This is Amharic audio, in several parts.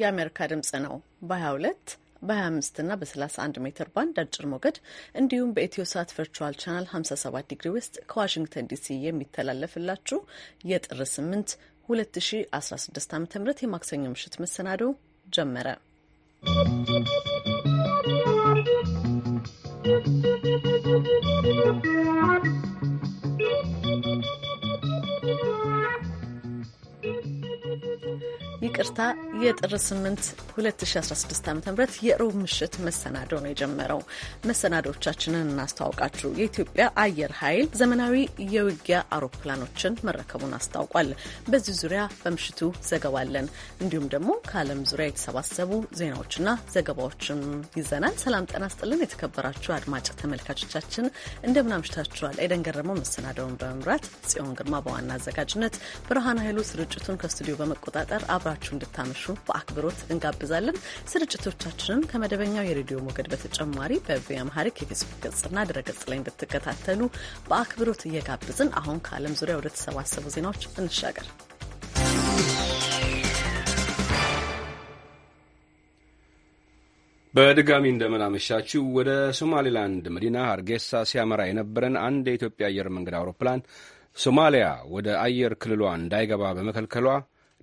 የአሜሪካ ድምጽ ነው በ22 በ25 እና በ31 ሜትር ባንድ አጭር ሞገድ እንዲሁም በኢትዮ ሳት ቨርቹዋል ቻናል 57 ዲግሪ ውስጥ ከዋሽንግተን ዲሲ የሚተላለፍላችሁ የጥር 8 2016 ዓ ም የማክሰኞ ምሽት መሰናዶ ጀመረ። ¶¶ ይቅርታ የጥር 8 2016 ዓ ም የሮብ ምሽት መሰናዶ ነው የጀመረው። መሰናዶቻችንን እናስተዋውቃችሁ። የኢትዮጵያ አየር ኃይል ዘመናዊ የውጊያ አውሮፕላኖችን መረከቡን አስታውቋል። በዚህ ዙሪያ በምሽቱ ዘገባለን። እንዲሁም ደግሞ ከዓለም ዙሪያ የተሰባሰቡ ዜናዎችና ዘገባዎችን ይዘናል። ሰላም ጤና ይስጥልን። የተከበራችሁ አድማጭ ተመልካቾቻችን እንደምን አምሽታችኋል? ኤደን ገረመው መሰናዶውን በመምራት ጽዮን ግርማ በዋና አዘጋጅነት ብርሃን ኃይሉ ስርጭቱን ከስቱዲዮ በመቆጣጠር አብራችሁ አብራችሁ እንድታመሹ በአክብሮት እንጋብዛለን። ስርጭቶቻችንን ከመደበኛው የሬዲዮ ሞገድ በተጨማሪ በቪኦኤ አምሃሪክ የፌስቡክ ገጽና ድረገጽ ላይ እንድትከታተሉ በአክብሮት እየጋብዝን አሁን ከዓለም ዙሪያ ወደ ተሰባሰቡ ዜናዎች እንሻገር። በድጋሚ እንደምናመሻችው ወደ ሶማሌላንድ መዲና ሀርጌሳ ሲያመራ የነበረን አንድ የኢትዮጵያ አየር መንገድ አውሮፕላን ሶማሊያ ወደ አየር ክልሏ እንዳይገባ በመከልከሏ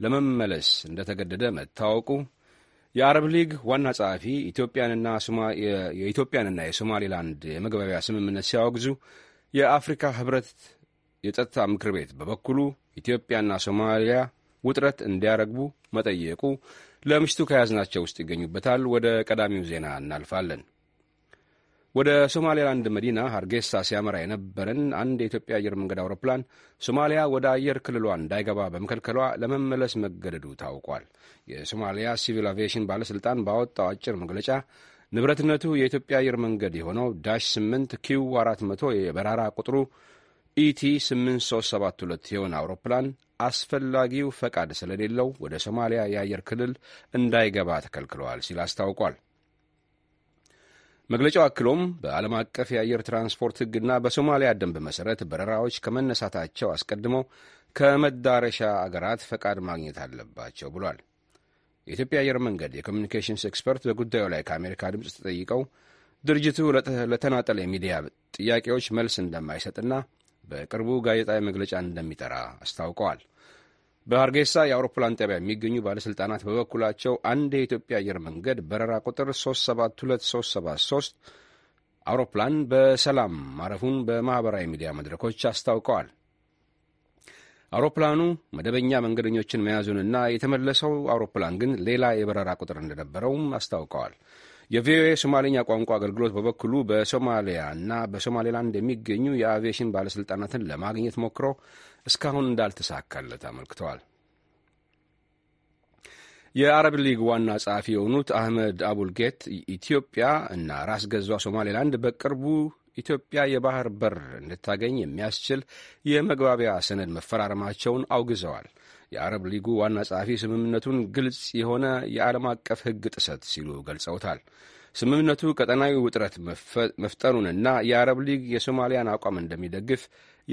ለመመለስ እንደተገደደ መታወቁ የአረብ ሊግ ዋና ጸሐፊ የኢትዮጵያንና የሶማሌላንድ የመግባቢያ ስምምነት ሲያወግዙ የአፍሪካ ህብረት የጸጥታ ምክር ቤት በበኩሉ ኢትዮጵያና ሶማሊያ ውጥረት እንዲያረግቡ መጠየቁ ለምሽቱ ከያዝናቸው ውስጥ ይገኙበታል። ወደ ቀዳሚው ዜና እናልፋለን። ወደ ሶማሌላንድ መዲና ሀርጌሳ ሲያመራ የነበረን አንድ የኢትዮጵያ አየር መንገድ አውሮፕላን ሶማሊያ ወደ አየር ክልሏ እንዳይገባ በመከልከሏ ለመመለስ መገደዱ ታውቋል። የሶማሊያ ሲቪል አቪዬሽን ባለሥልጣን ባወጣው አጭር መግለጫ ንብረትነቱ የኢትዮጵያ አየር መንገድ የሆነው ዳሽ 8 ኪው 400 የበረራ ቁጥሩ ኢቲ 8372 የሆነ አውሮፕላን አስፈላጊው ፈቃድ ስለሌለው ወደ ሶማሊያ የአየር ክልል እንዳይገባ ተከልክለዋል ሲል አስታውቋል። መግለጫው አክሎም በዓለም አቀፍ የአየር ትራንስፖርት ሕግና በሶማሊያ ደንብ መሠረት በረራዎች ከመነሳታቸው አስቀድመው ከመዳረሻ አገራት ፈቃድ ማግኘት አለባቸው ብሏል። የኢትዮጵያ አየር መንገድ የኮሚኒኬሽንስ ኤክስፐርት በጉዳዩ ላይ ከአሜሪካ ድምፅ ተጠይቀው ድርጅቱ ለተናጠል የሚዲያ ጥያቄዎች መልስ እንደማይሰጥና በቅርቡ ጋዜጣዊ መግለጫ እንደሚጠራ አስታውቀዋል። በሀርጌሳ የአውሮፕላን ጣቢያ የሚገኙ ባለሥልጣናት በበኩላቸው አንድ የኢትዮጵያ አየር መንገድ በረራ ቁጥር 372373 አውሮፕላን በሰላም ማረፉን በማኅበራዊ ሚዲያ መድረኮች አስታውቀዋል። አውሮፕላኑ መደበኛ መንገደኞችን መያዙንና የተመለሰው አውሮፕላን ግን ሌላ የበረራ ቁጥር እንደነበረውም አስታውቀዋል። የቪኦኤ ሶማሌኛ ቋንቋ አገልግሎት በበኩሉ በሶማሊያ በሶማሊያና በሶማሌላንድ የሚገኙ የአቪዬሽን ባለሥልጣናትን ለማግኘት ሞክሮ እስካሁን እንዳልተሳካለት አመልክተዋል። የአረብ ሊግ ዋና ጸሐፊ የሆኑት አህመድ አቡልጌት ኢትዮጵያ እና ራስ ገዟ ሶማሌላንድ በቅርቡ ኢትዮጵያ የባህር በር እንድታገኝ የሚያስችል የመግባቢያ ሰነድ መፈራረማቸውን አውግዘዋል። የአረብ ሊጉ ዋና ጸሐፊ ስምምነቱን ግልጽ የሆነ የዓለም አቀፍ ሕግ ጥሰት ሲሉ ገልጸውታል። ስምምነቱ ቀጠናዊ ውጥረት መፍጠሩንና የአረብ ሊግ የሶማሊያን አቋም እንደሚደግፍ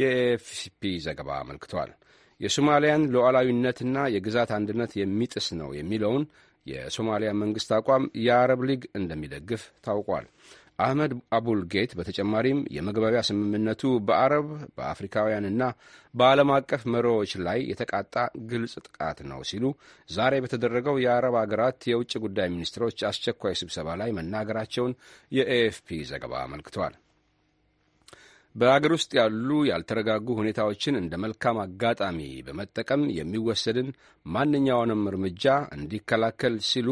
የኤፍሲፒ ዘገባ አመልክቷል። የሶማሊያን ሉዓላዊነትና የግዛት አንድነት የሚጥስ ነው የሚለውን የሶማሊያ መንግስት አቋም የአረብ ሊግ እንደሚደግፍ ታውቋል። አህመድ አቡል ጌት በተጨማሪም የመግባቢያ ስምምነቱ በአረብ በአፍሪካውያንና በዓለም አቀፍ መሪዎች ላይ የተቃጣ ግልጽ ጥቃት ነው ሲሉ ዛሬ በተደረገው የአረብ አገራት የውጭ ጉዳይ ሚኒስትሮች አስቸኳይ ስብሰባ ላይ መናገራቸውን የኤኤፍፒ ዘገባ አመልክቷል። በአገር ውስጥ ያሉ ያልተረጋጉ ሁኔታዎችን እንደ መልካም አጋጣሚ በመጠቀም የሚወሰድን ማንኛውንም እርምጃ እንዲከላከል ሲሉ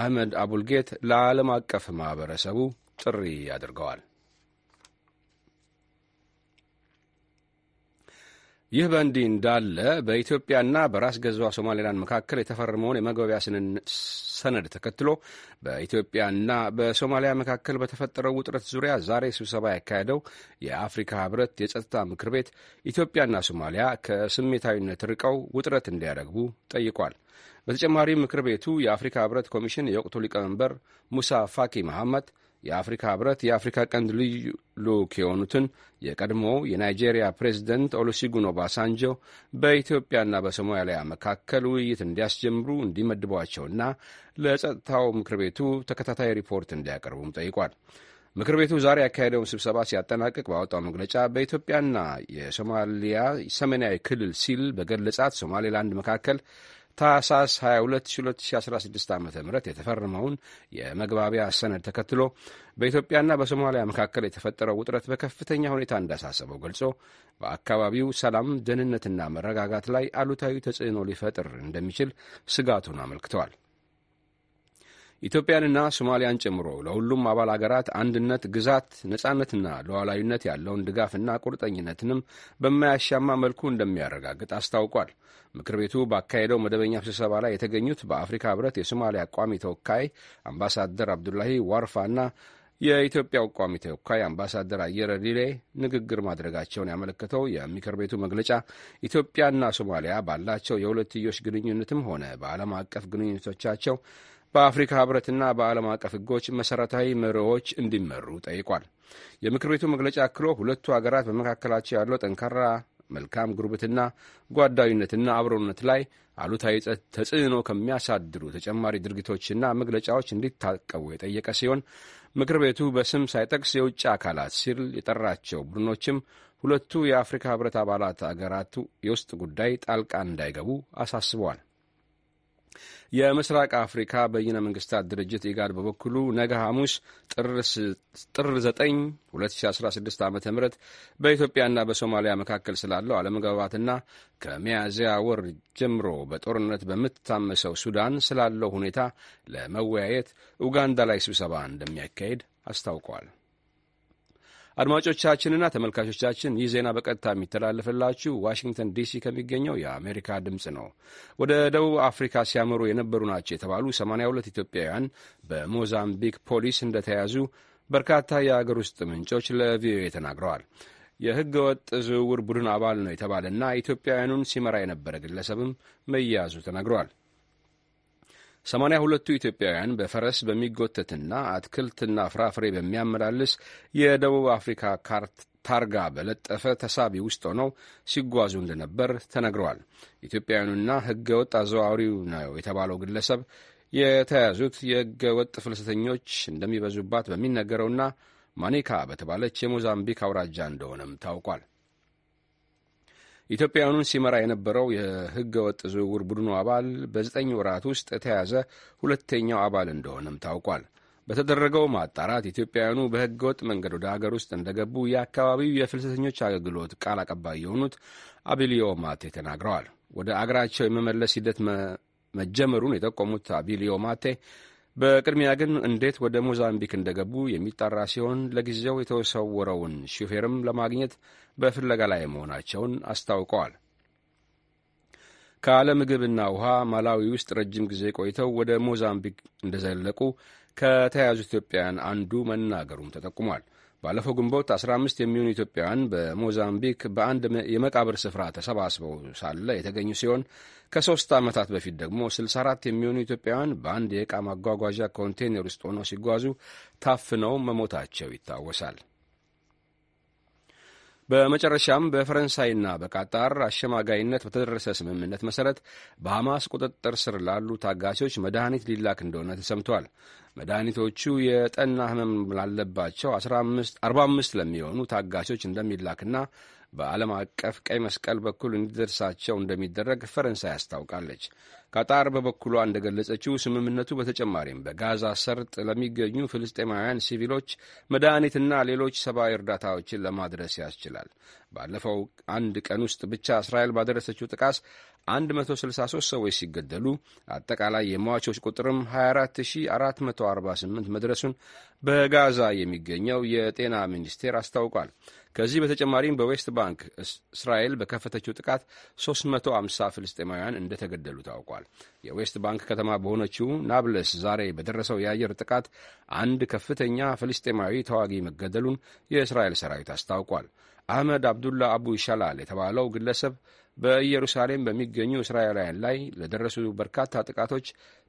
አህመድ አቡልጌት ለዓለም አቀፍ ማኅበረሰቡ ጥሪ አድርገዋል። ይህ በእንዲህ እንዳለ በኢትዮጵያና በራስ ገዟ ሶማሌላንድ መካከል የተፈረመውን የመግባቢያ ሰነድ ተከትሎ በኢትዮጵያና በሶማሊያ መካከል በተፈጠረው ውጥረት ዙሪያ ዛሬ ስብሰባ ያካሄደው የአፍሪካ ሕብረት የጸጥታ ምክር ቤት ኢትዮጵያና ሶማሊያ ከስሜታዊነት ርቀው ውጥረት እንዲያረግቡ ጠይቋል። በተጨማሪም ምክር ቤቱ የአፍሪካ ሕብረት ኮሚሽን የወቅቱ ሊቀመንበር ሙሳ ፋኪ መሐመድ የአፍሪካ ህብረት የአፍሪካ ቀንድ ልዩ ልዑክ የሆኑትን የቀድሞ የናይጄሪያ ፕሬዚደንት ኦሉሲጉን ኦባሳንጆ በኢትዮጵያና በሶማሊያ መካከል ውይይት እንዲያስጀምሩ እንዲመድቧቸውና ለጸጥታው ምክር ቤቱ ተከታታይ ሪፖርት እንዲያቀርቡም ጠይቋል። ምክር ቤቱ ዛሬ ያካሄደውን ስብሰባ ሲያጠናቅቅ ባወጣው መግለጫ በኢትዮጵያና የሶማሊያ ሰሜናዊ ክልል ሲል በገለጻት ሶማሌላንድ መካከል ታህሳስ 22 2016 ዓ ም የተፈረመውን የመግባቢያ ሰነድ ተከትሎ በኢትዮጵያና በሶማሊያ መካከል የተፈጠረው ውጥረት በከፍተኛ ሁኔታ እንዳሳሰበው ገልጾ በአካባቢው ሰላም፣ ደህንነትና መረጋጋት ላይ አሉታዊ ተጽዕኖ ሊፈጥር እንደሚችል ስጋቱን አመልክተዋል። ኢትዮጵያንና ሶማሊያን ጨምሮ ለሁሉም አባል አገራት አንድነት፣ ግዛት፣ ነጻነትና ሉዓላዊነት ያለውን ድጋፍና ቁርጠኝነትንም በማያሻማ መልኩ እንደሚያረጋግጥ አስታውቋል። ምክር ቤቱ ባካሄደው መደበኛ ስብሰባ ላይ የተገኙት በአፍሪካ ህብረት የሶማሊያ ቋሚ ተወካይ አምባሳደር አብዱላሂ ዋርፋና የኢትዮጵያው ቋሚ ተወካይ አምባሳደር አየረ ዲሌ ንግግር ማድረጋቸውን ያመለከተው የምክር ቤቱ መግለጫ ኢትዮጵያና ሶማሊያ ባላቸው የሁለትዮሽ ግንኙነትም ሆነ በዓለም አቀፍ ግንኙነቶቻቸው በአፍሪካ ህብረትና በዓለም አቀፍ ህጎች መሠረታዊ መርሆዎች እንዲመሩ ጠይቋል። የምክር ቤቱ መግለጫ አክሎ ሁለቱ አገራት በመካከላቸው ያለው ጠንካራ መልካም ጉርብትና፣ ጓዳዊነትና አብሮነት ላይ አሉታዊ ተጽዕኖ ከሚያሳድሩ ተጨማሪ ድርጊቶችና መግለጫዎች እንዲታቀቡ የጠየቀ ሲሆን ምክር ቤቱ በስም ሳይጠቅስ የውጭ አካላት ሲል የጠራቸው ቡድኖችም ሁለቱ የአፍሪካ ህብረት አባላት አገራቱ የውስጥ ጉዳይ ጣልቃ እንዳይገቡ አሳስበዋል። የምስራቅ አፍሪካ በይነ መንግስታት ድርጅት ኢጋድ በበኩሉ ነገ ሐሙስ ጥር 9 2016 ዓ ም በኢትዮጵያና በሶማሊያ መካከል ስላለው አለመግባባትና ከሚያዝያ ወር ጀምሮ በጦርነት በምትታመሰው ሱዳን ስላለው ሁኔታ ለመወያየት ኡጋንዳ ላይ ስብሰባ እንደሚያካሄድ አስታውቋል። አድማጮቻችንና ተመልካቾቻችን ይህ ዜና በቀጥታ የሚተላለፍላችሁ ዋሽንግተን ዲሲ ከሚገኘው የአሜሪካ ድምፅ ነው። ወደ ደቡብ አፍሪካ ሲያመሩ የነበሩ ናቸው የተባሉ 82 ኢትዮጵያውያን በሞዛምቢክ ፖሊስ እንደተያዙ በርካታ የአገር ውስጥ ምንጮች ለቪኦኤ ተናግረዋል። የሕገ ወጥ ዝውውር ቡድን አባል ነው የተባለና ኢትዮጵያውያኑን ሲመራ የነበረ ግለሰብም መያዙ ተናግረዋል። ሰማንያ ሁለቱ ኢትዮጵያውያን በፈረስ በሚጎተትና አትክልትና ፍራፍሬ በሚያመላልስ የደቡብ አፍሪካ ካርት ታርጋ በለጠፈ ተሳቢ ውስጥ ሆነው ሲጓዙ እንደነበር ተነግረዋል። ኢትዮጵያውያኑና ሕገ ወጥ አዘዋዋሪው ነው የተባለው ግለሰብ የተያዙት የሕገ ወጥ ፍልሰተኞች እንደሚበዙባት በሚነገረውና ማኒካ በተባለች የሞዛምቢክ አውራጃ እንደሆነም ታውቋል። ኢትዮጵያውያኑን ሲመራ የነበረው የህገ ወጥ ዝውውር ቡድኑ አባል በዘጠኝ ወራት ውስጥ የተያዘ ሁለተኛው አባል እንደሆነም ታውቋል። በተደረገው ማጣራት ኢትዮጵያውያኑ በህገ ወጥ መንገድ ወደ ሀገር ውስጥ እንደገቡ የአካባቢው የፍልሰተኞች አገልግሎት ቃል አቀባይ የሆኑት አቢልዮ ማቴ ተናግረዋል። ወደ አገራቸው የመመለስ ሂደት መጀመሩን የጠቆሙት አቢልዮ ማቴ በቅድሚያ ግን እንዴት ወደ ሞዛምቢክ እንደገቡ የሚጣራ ሲሆን ለጊዜው የተሰወረውን ሹፌርም ለማግኘት በፍለጋ ላይ መሆናቸውን አስታውቀዋል። ከዓለም ምግብና ውሃ ማላዊ ውስጥ ረጅም ጊዜ ቆይተው ወደ ሞዛምቢክ እንደዘለቁ ከተያያዙ ኢትዮጵያውያን አንዱ መናገሩም ተጠቁሟል። ባለፈው ግንቦት 15 የሚሆኑ ኢትዮጵያውያን በሞዛምቢክ በአንድ የመቃብር ስፍራ ተሰባስበው ሳለ የተገኙ ሲሆን ከሶስት ዓመታት በፊት ደግሞ 64 የሚሆኑ ኢትዮጵያውያን በአንድ የዕቃ ማጓጓዣ ኮንቴይነር ውስጥ ሆነው ሲጓዙ ታፍነው መሞታቸው ይታወሳል። በመጨረሻም በፈረንሳይና በቃጣር አሸማጋይነት በተደረሰ ስምምነት መሠረት በሐማስ ቁጥጥር ስር ላሉ ታጋቾች መድኃኒት ሊላክ እንደሆነ ተሰምቷል። መድኃኒቶቹ የጠና ህመም ላለባቸው 45 ለሚሆኑ ታጋቾች እንደሚላክና በዓለም አቀፍ ቀይ መስቀል በኩል እንዲደርሳቸው እንደሚደረግ ፈረንሳይ አስታውቃለች። ቃጣር በበኩሏ እንደገለጸችው ስምምነቱ በተጨማሪም በጋዛ ሰርጥ ለሚገኙ ፍልስጤማውያን ሲቪሎች መድኃኒትና ሌሎች ሰብአዊ እርዳታዎችን ለማድረስ ያስችላል። ባለፈው አንድ ቀን ውስጥ ብቻ እስራኤል ባደረሰችው ጥቃት 163 ሰዎች ሲገደሉ አጠቃላይ የሟቾች ቁጥርም 24448 መድረሱን በጋዛ የሚገኘው የጤና ሚኒስቴር አስታውቋል። ከዚህ በተጨማሪም በዌስት ባንክ እስራኤል በከፈተችው ጥቃት 350 ፍልስጤማውያን እንደተገደሉ ታውቋል። የዌስት ባንክ ከተማ በሆነችው ናብለስ ዛሬ በደረሰው የአየር ጥቃት አንድ ከፍተኛ ፍልስጤማዊ ተዋጊ መገደሉን የእስራኤል ሰራዊት አስታውቋል። አህመድ አብዱላ አቡ ይሻላል የተባለው ግለሰብ በኢየሩሳሌም በሚገኙ እስራኤላውያን ላይ ለደረሱ በርካታ ጥቃቶች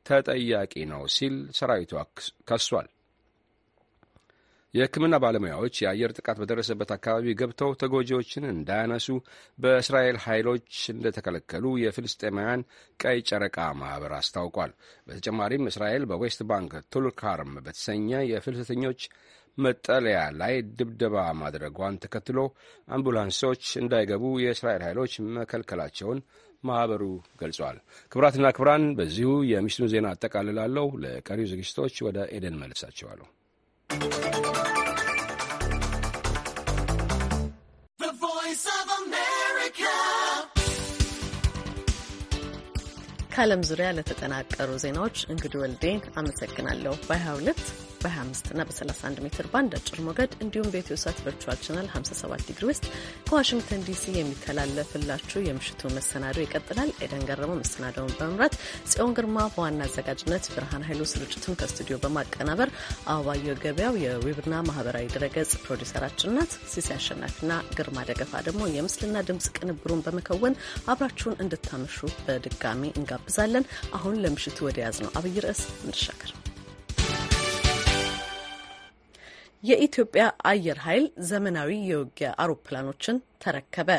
ተጠያቂ ነው ሲል ሰራዊቱ ከሷል። የሕክምና ባለሙያዎች የአየር ጥቃት በደረሰበት አካባቢ ገብተው ተጎጂዎችን እንዳያነሱ በእስራኤል ኃይሎች እንደተከለከሉ የፍልስጤማውያን ቀይ ጨረቃ ማኅበር አስታውቋል። በተጨማሪም እስራኤል በዌስት ባንክ ቱልካርም በተሰኘ የፍልሰተኞች መጠለያ ላይ ድብደባ ማድረጓን ተከትሎ አምቡላንሶች እንዳይገቡ የእስራኤል ኃይሎች መከልከላቸውን ማኅበሩ ገልጿል። ክብራትና ክብራን በዚሁ የምሽቱን ዜና አጠቃልላለሁ። ለቀሪው ዝግጅቶች ወደ ኤደን መልሳቸዋለሁ። ከዓለም ዙሪያ ለተጠናቀሩ ዜናዎች እንግዲህ ወልዴ አመሰግናለሁ። በ22 በ25 እና በ31 ሜትር ባንድ አጭር ሞገድ እንዲሁም በኢትዮ ሳት ቨርቹዋል ቻናል 57 ዲግሪ ውስጥ ከዋሽንግተን ዲሲ የሚተላለፍላችሁ የምሽቱ መሰናዶ ይቀጥላል። ኤደን ገረመው መሰናዶውን በመምራት ጽዮን ግርማ በዋና አዘጋጅነት፣ ብርሃን ኃይሉ ስርጭቱን ከስቱዲዮ በማቀናበር አበባየሁ ገበያው የዌብና ማህበራዊ ድረገጽ ፕሮዲሰራችን ናት። ሲሲ አሸናፊና ግርማ ደገፋ ደግሞ የምስልና ድምፅ ቅንብሩን በመከወን አብራችሁን እንድታመሹ በድጋሚ እንጋብዛለን። አሁን ለምሽቱ ወደ ያዝ ነው አብይ ርዕስ እንሻገር። የኢትዮጵያ አየር ኃይል ዘመናዊ የውጊያ አውሮፕላኖችን ተረከበ።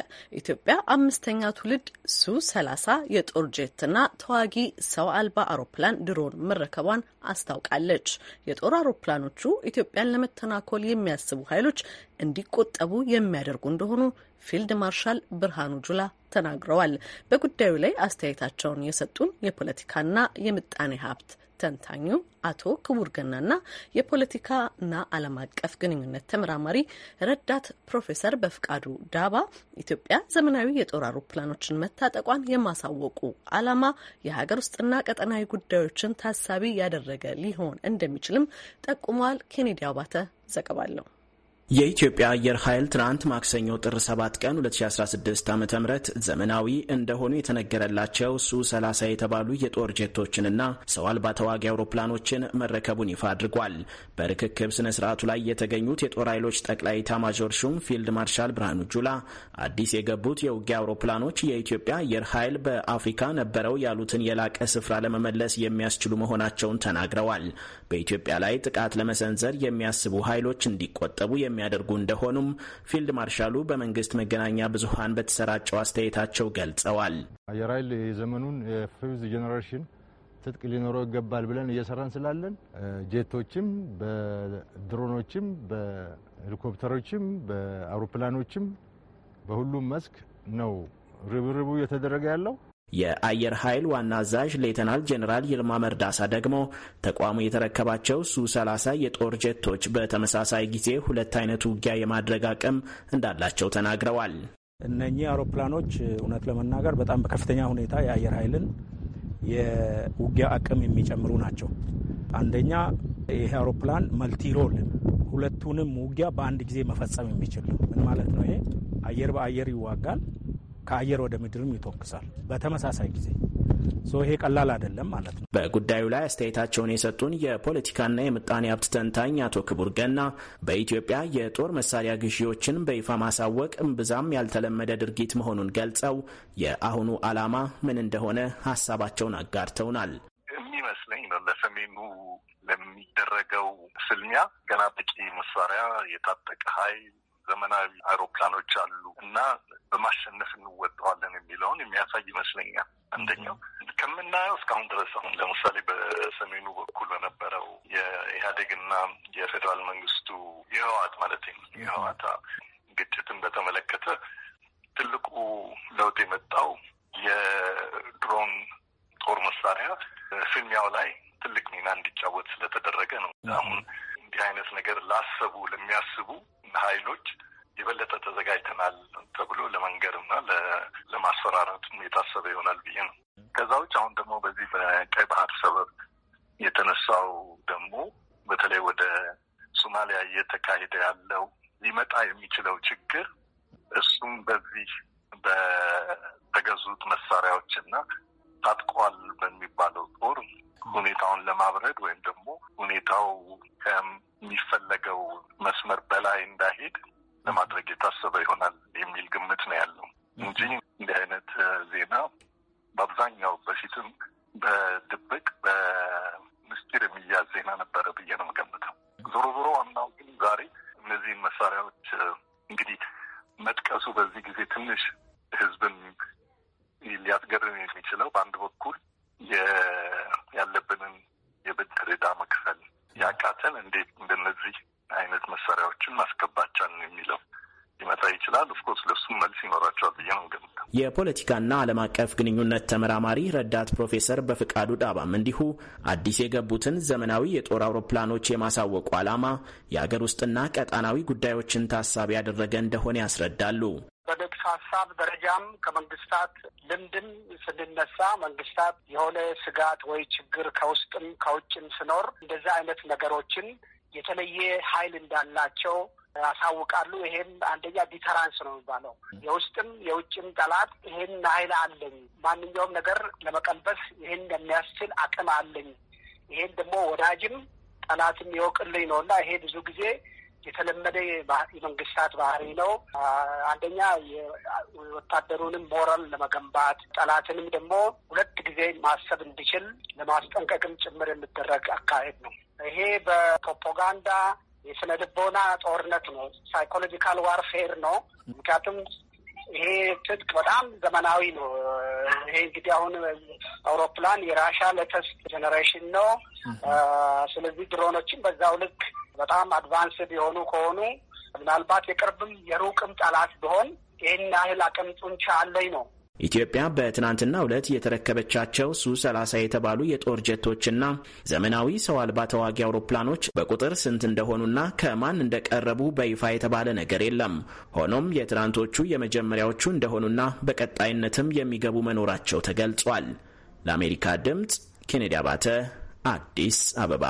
ኢትዮጵያ አምስተኛ ትውልድ ሱ 30 የጦር ጄትና ተዋጊ ሰው አልባ አውሮፕላን ድሮን መረከቧን አስታውቃለች። የጦር አውሮፕላኖቹ ኢትዮጵያን ለመተናኮል የሚያስቡ ኃይሎች እንዲቆጠቡ የሚያደርጉ እንደሆኑ ፊልድ ማርሻል ብርሃኑ ጁላ ተናግረዋል። በጉዳዩ ላይ አስተያየታቸውን የሰጡን የፖለቲካና የምጣኔ ሀብት ተንታኙ አቶ ክቡር ገናና የፖለቲካና ዓለም አቀፍ ግንኙነት ተመራማሪ ረዳት ፕሮፌሰር በፍቃዱ ዳባ ኢትዮጵያ ዘመናዊ የጦር አውሮፕላኖችን መታጠቋን የማሳወቁ ዓላማ የሀገር ውስጥና ቀጠናዊ ጉዳዮችን ታሳቢ ያደረገ ሊሆን እንደሚችልም ጠቁመዋል። ኬኔዲ አባተ ዘገባለሁ። የኢትዮጵያ አየር ኃይል ትናንት ማክሰኞ ጥር 7 ቀን 2016 ዓ ም ዘመናዊ እንደሆኑ የተነገረላቸው ሱ 30 የተባሉ የጦር ጀቶችንና ሰው አልባ ተዋጊ አውሮፕላኖችን መረከቡን ይፋ አድርጓል። በርክክብ ስነ ስርዓቱ ላይ የተገኙት የጦር ኃይሎች ጠቅላይ ኤታማዦር ሹም ፊልድ ማርሻል ብርሃኑ ጁላ አዲስ የገቡት የውጊያ አውሮፕላኖች የኢትዮጵያ አየር ኃይል በአፍሪካ ነበረው ያሉትን የላቀ ስፍራ ለመመለስ የሚያስችሉ መሆናቸውን ተናግረዋል። በኢትዮጵያ ላይ ጥቃት ለመሰንዘር የሚያስቡ ኃይሎች እንዲቆጠቡ የሚ የሚያደርጉ እንደሆኑም ፊልድ ማርሻሉ በመንግስት መገናኛ ብዙሀን በተሰራጨው አስተያየታቸው ገልጸዋል። አየር ኃይል የዘመኑን የፊውዝ ጄኔሬሽን ትጥቅ ሊኖረው ይገባል ብለን እየሰራን ስላለን ጄቶችም፣ በድሮኖችም፣ በሄሊኮፕተሮችም፣ በአውሮፕላኖችም በሁሉም መስክ ነው ርብርቡ እየተደረገ ያለው። የአየር ኃይል ዋና አዛዥ ሌተናል ጄኔራል ይልማ መርዳሳ ደግሞ ተቋሙ የተረከባቸው ሱ 30 የጦር ጀቶች በተመሳሳይ ጊዜ ሁለት አይነት ውጊያ የማድረግ አቅም እንዳላቸው ተናግረዋል። እነኚህ አውሮፕላኖች እውነት ለመናገር በጣም በከፍተኛ ሁኔታ የአየር ኃይልን የውጊያ አቅም የሚጨምሩ ናቸው። አንደኛ ይሄ አውሮፕላን መልቲሮል ሁለቱንም ውጊያ በአንድ ጊዜ መፈጸም የሚችል ምን ማለት ነው? ይሄ አየር በአየር ይዋጋል ከአየር ወደ ምድርም ይተኩሳል በተመሳሳይ ጊዜ። ይሄ ቀላል አይደለም ማለት ነው። በጉዳዩ ላይ አስተያየታቸውን የሰጡን የፖለቲካና የምጣኔ ሀብት ተንታኝ አቶ ክቡር ገና በኢትዮጵያ የጦር መሳሪያ ግዢዎችን በይፋ ማሳወቅ እምብዛም ያልተለመደ ድርጊት መሆኑን ገልጸው የአሁኑ ዓላማ ምን እንደሆነ ሀሳባቸውን አጋርተውናል። የሚመስለኝ ነው ለሰሜኑ ለሚደረገው ስልሚያ ገና በቂ መሳሪያ የታጠቀ ኃይል ዘመናዊ አውሮፕላኖች አሉ እና በማሸነፍ እንወጣዋለን የሚለውን የሚያሳይ ይመስለኛል። አንደኛው ከምናየው እስካሁን ድረስ አሁን ለምሳሌ በሰሜኑ በኩል በነበረው የኢህአዴግና የፌዴራል መንግስቱ የህዋት ማለት የህዋታ ግጭትን በተመለከተ ትልቁ ለውጥ የመጣው የድሮን ጦር መሳሪያ ፍልሚያው ላይ ትልቅ ሚና እንዲጫወት ስለተደረገ ነው። አሁን እንዲህ አይነት ነገር ላሰቡ ለሚያስቡ ኃይሎች የበለጠ ተዘጋጅተናል ተብሎ ለመንገርና ለማስፈራራቱም የታሰበ ይሆናል ብዬ ነው። ከዛ ውጭ አሁን ደግሞ በዚህ በቀይ ባህር ሰበብ የተነሳው ደግሞ በተለይ ወደ ሶማሊያ እየተካሄደ ያለው ሊመጣ የሚችለው ችግር እሱም በዚህ በተገዙት መሳሪያዎች እና ታጥቋል በሚባለው ጦር ሁኔታውን ለማብረድ ወይም ደግሞ ሁኔታው ከሚፈለገው መስመር በላይ እንዳሄድ ለማድረግ የታሰበ ይሆናል የሚል ግምት ነው ያለው እንጂ እንዲህ አይነት ዜና በአብዛኛው በፊትም በድብቅ በምስጢር የሚያዝ ዜና ነበረ ብዬ ነው የምገምተው። ዞሮ ዞሮ ዋናው ግን ዛሬ እነዚህን መሳሪያዎች እንግዲህ መጥቀሱ በዚህ ጊዜ ትንሽ ህዝብን ሊያስገርም የሚችለው በአንድ በኩል ያለብንን የብድር ዕዳ መክፈል ያቃተን እንዴት እንደነዚህ አይነት መሳሪያዎችን ማስገባቻን የሚለው ሊመጣ ይችላል። ኦፍኮርስ ለሱም መልስ ይኖራቸዋል ብዬ ነው ገምታ። የፖለቲካና ዓለም አቀፍ ግንኙነት ተመራማሪ ረዳት ፕሮፌሰር በፍቃዱ ዳባም እንዲሁ አዲስ የገቡትን ዘመናዊ የጦር አውሮፕላኖች የማሳወቁ ዓላማ የአገር ውስጥና ቀጣናዊ ጉዳዮችን ታሳቢ ያደረገ እንደሆነ ያስረዳሉ። ሀሳብ ደረጃም ከመንግስታት ልምድም ስንነሳ መንግስታት የሆነ ስጋት ወይ ችግር ከውስጥም ከውጭም ስኖር እንደዛ አይነት ነገሮችን የተለየ ኃይል እንዳላቸው ያሳውቃሉ። ይሄም አንደኛ ዲተራንስ ነው የሚባለው። የውስጥም የውጭም ጠላት ይሄን ኃይል አለኝ፣ ማንኛውም ነገር ለመቀልበስ ይሄን የሚያስችል አቅም አለኝ፣ ይሄን ደግሞ ወዳጅም ጠላትም ይወቅልኝ ነው እና ይሄ ብዙ ጊዜ የተለመደ የመንግስታት ባህሪ ነው። አንደኛ የወታደሩንም ሞራል ለመገንባት ጠላትንም ደግሞ ሁለት ጊዜ ማሰብ እንዲችል ለማስጠንቀቅም ጭምር የሚደረግ አካሄድ ነው። ይሄ በፕሮፓጋንዳ የስነ ልቦና ጦርነት ነው። ሳይኮሎጂካል ዋርፌር ነው። ምክንያቱም ይሄ ትጥቅ በጣም ዘመናዊ ነው። ይሄ እንግዲህ አሁን አውሮፕላን የራሻ ለተስት ጀኔሬሽን ነው። ስለዚህ ድሮኖችን በዛው ልክ በጣም አድቫንስድ የሆኑ ከሆኑ ምናልባት የቅርብም የሩቅም ጠላት ቢሆን ይህን ያህል አቅም ጡንቻ አለኝ ነው። ኢትዮጵያ በትናንትና ዕለት የተረከበቻቸው ሱ 30 የተባሉ የጦር ጀቶችና ዘመናዊ ሰው አልባ ተዋጊ አውሮፕላኖች በቁጥር ስንት እንደሆኑና ከማን እንደቀረቡ በይፋ የተባለ ነገር የለም። ሆኖም የትናንቶቹ የመጀመሪያዎቹ እንደሆኑና በቀጣይነትም የሚገቡ መኖራቸው ተገልጿል። ለአሜሪካ ድምፅ ኬኔዲ አባተ አዲስ አበባ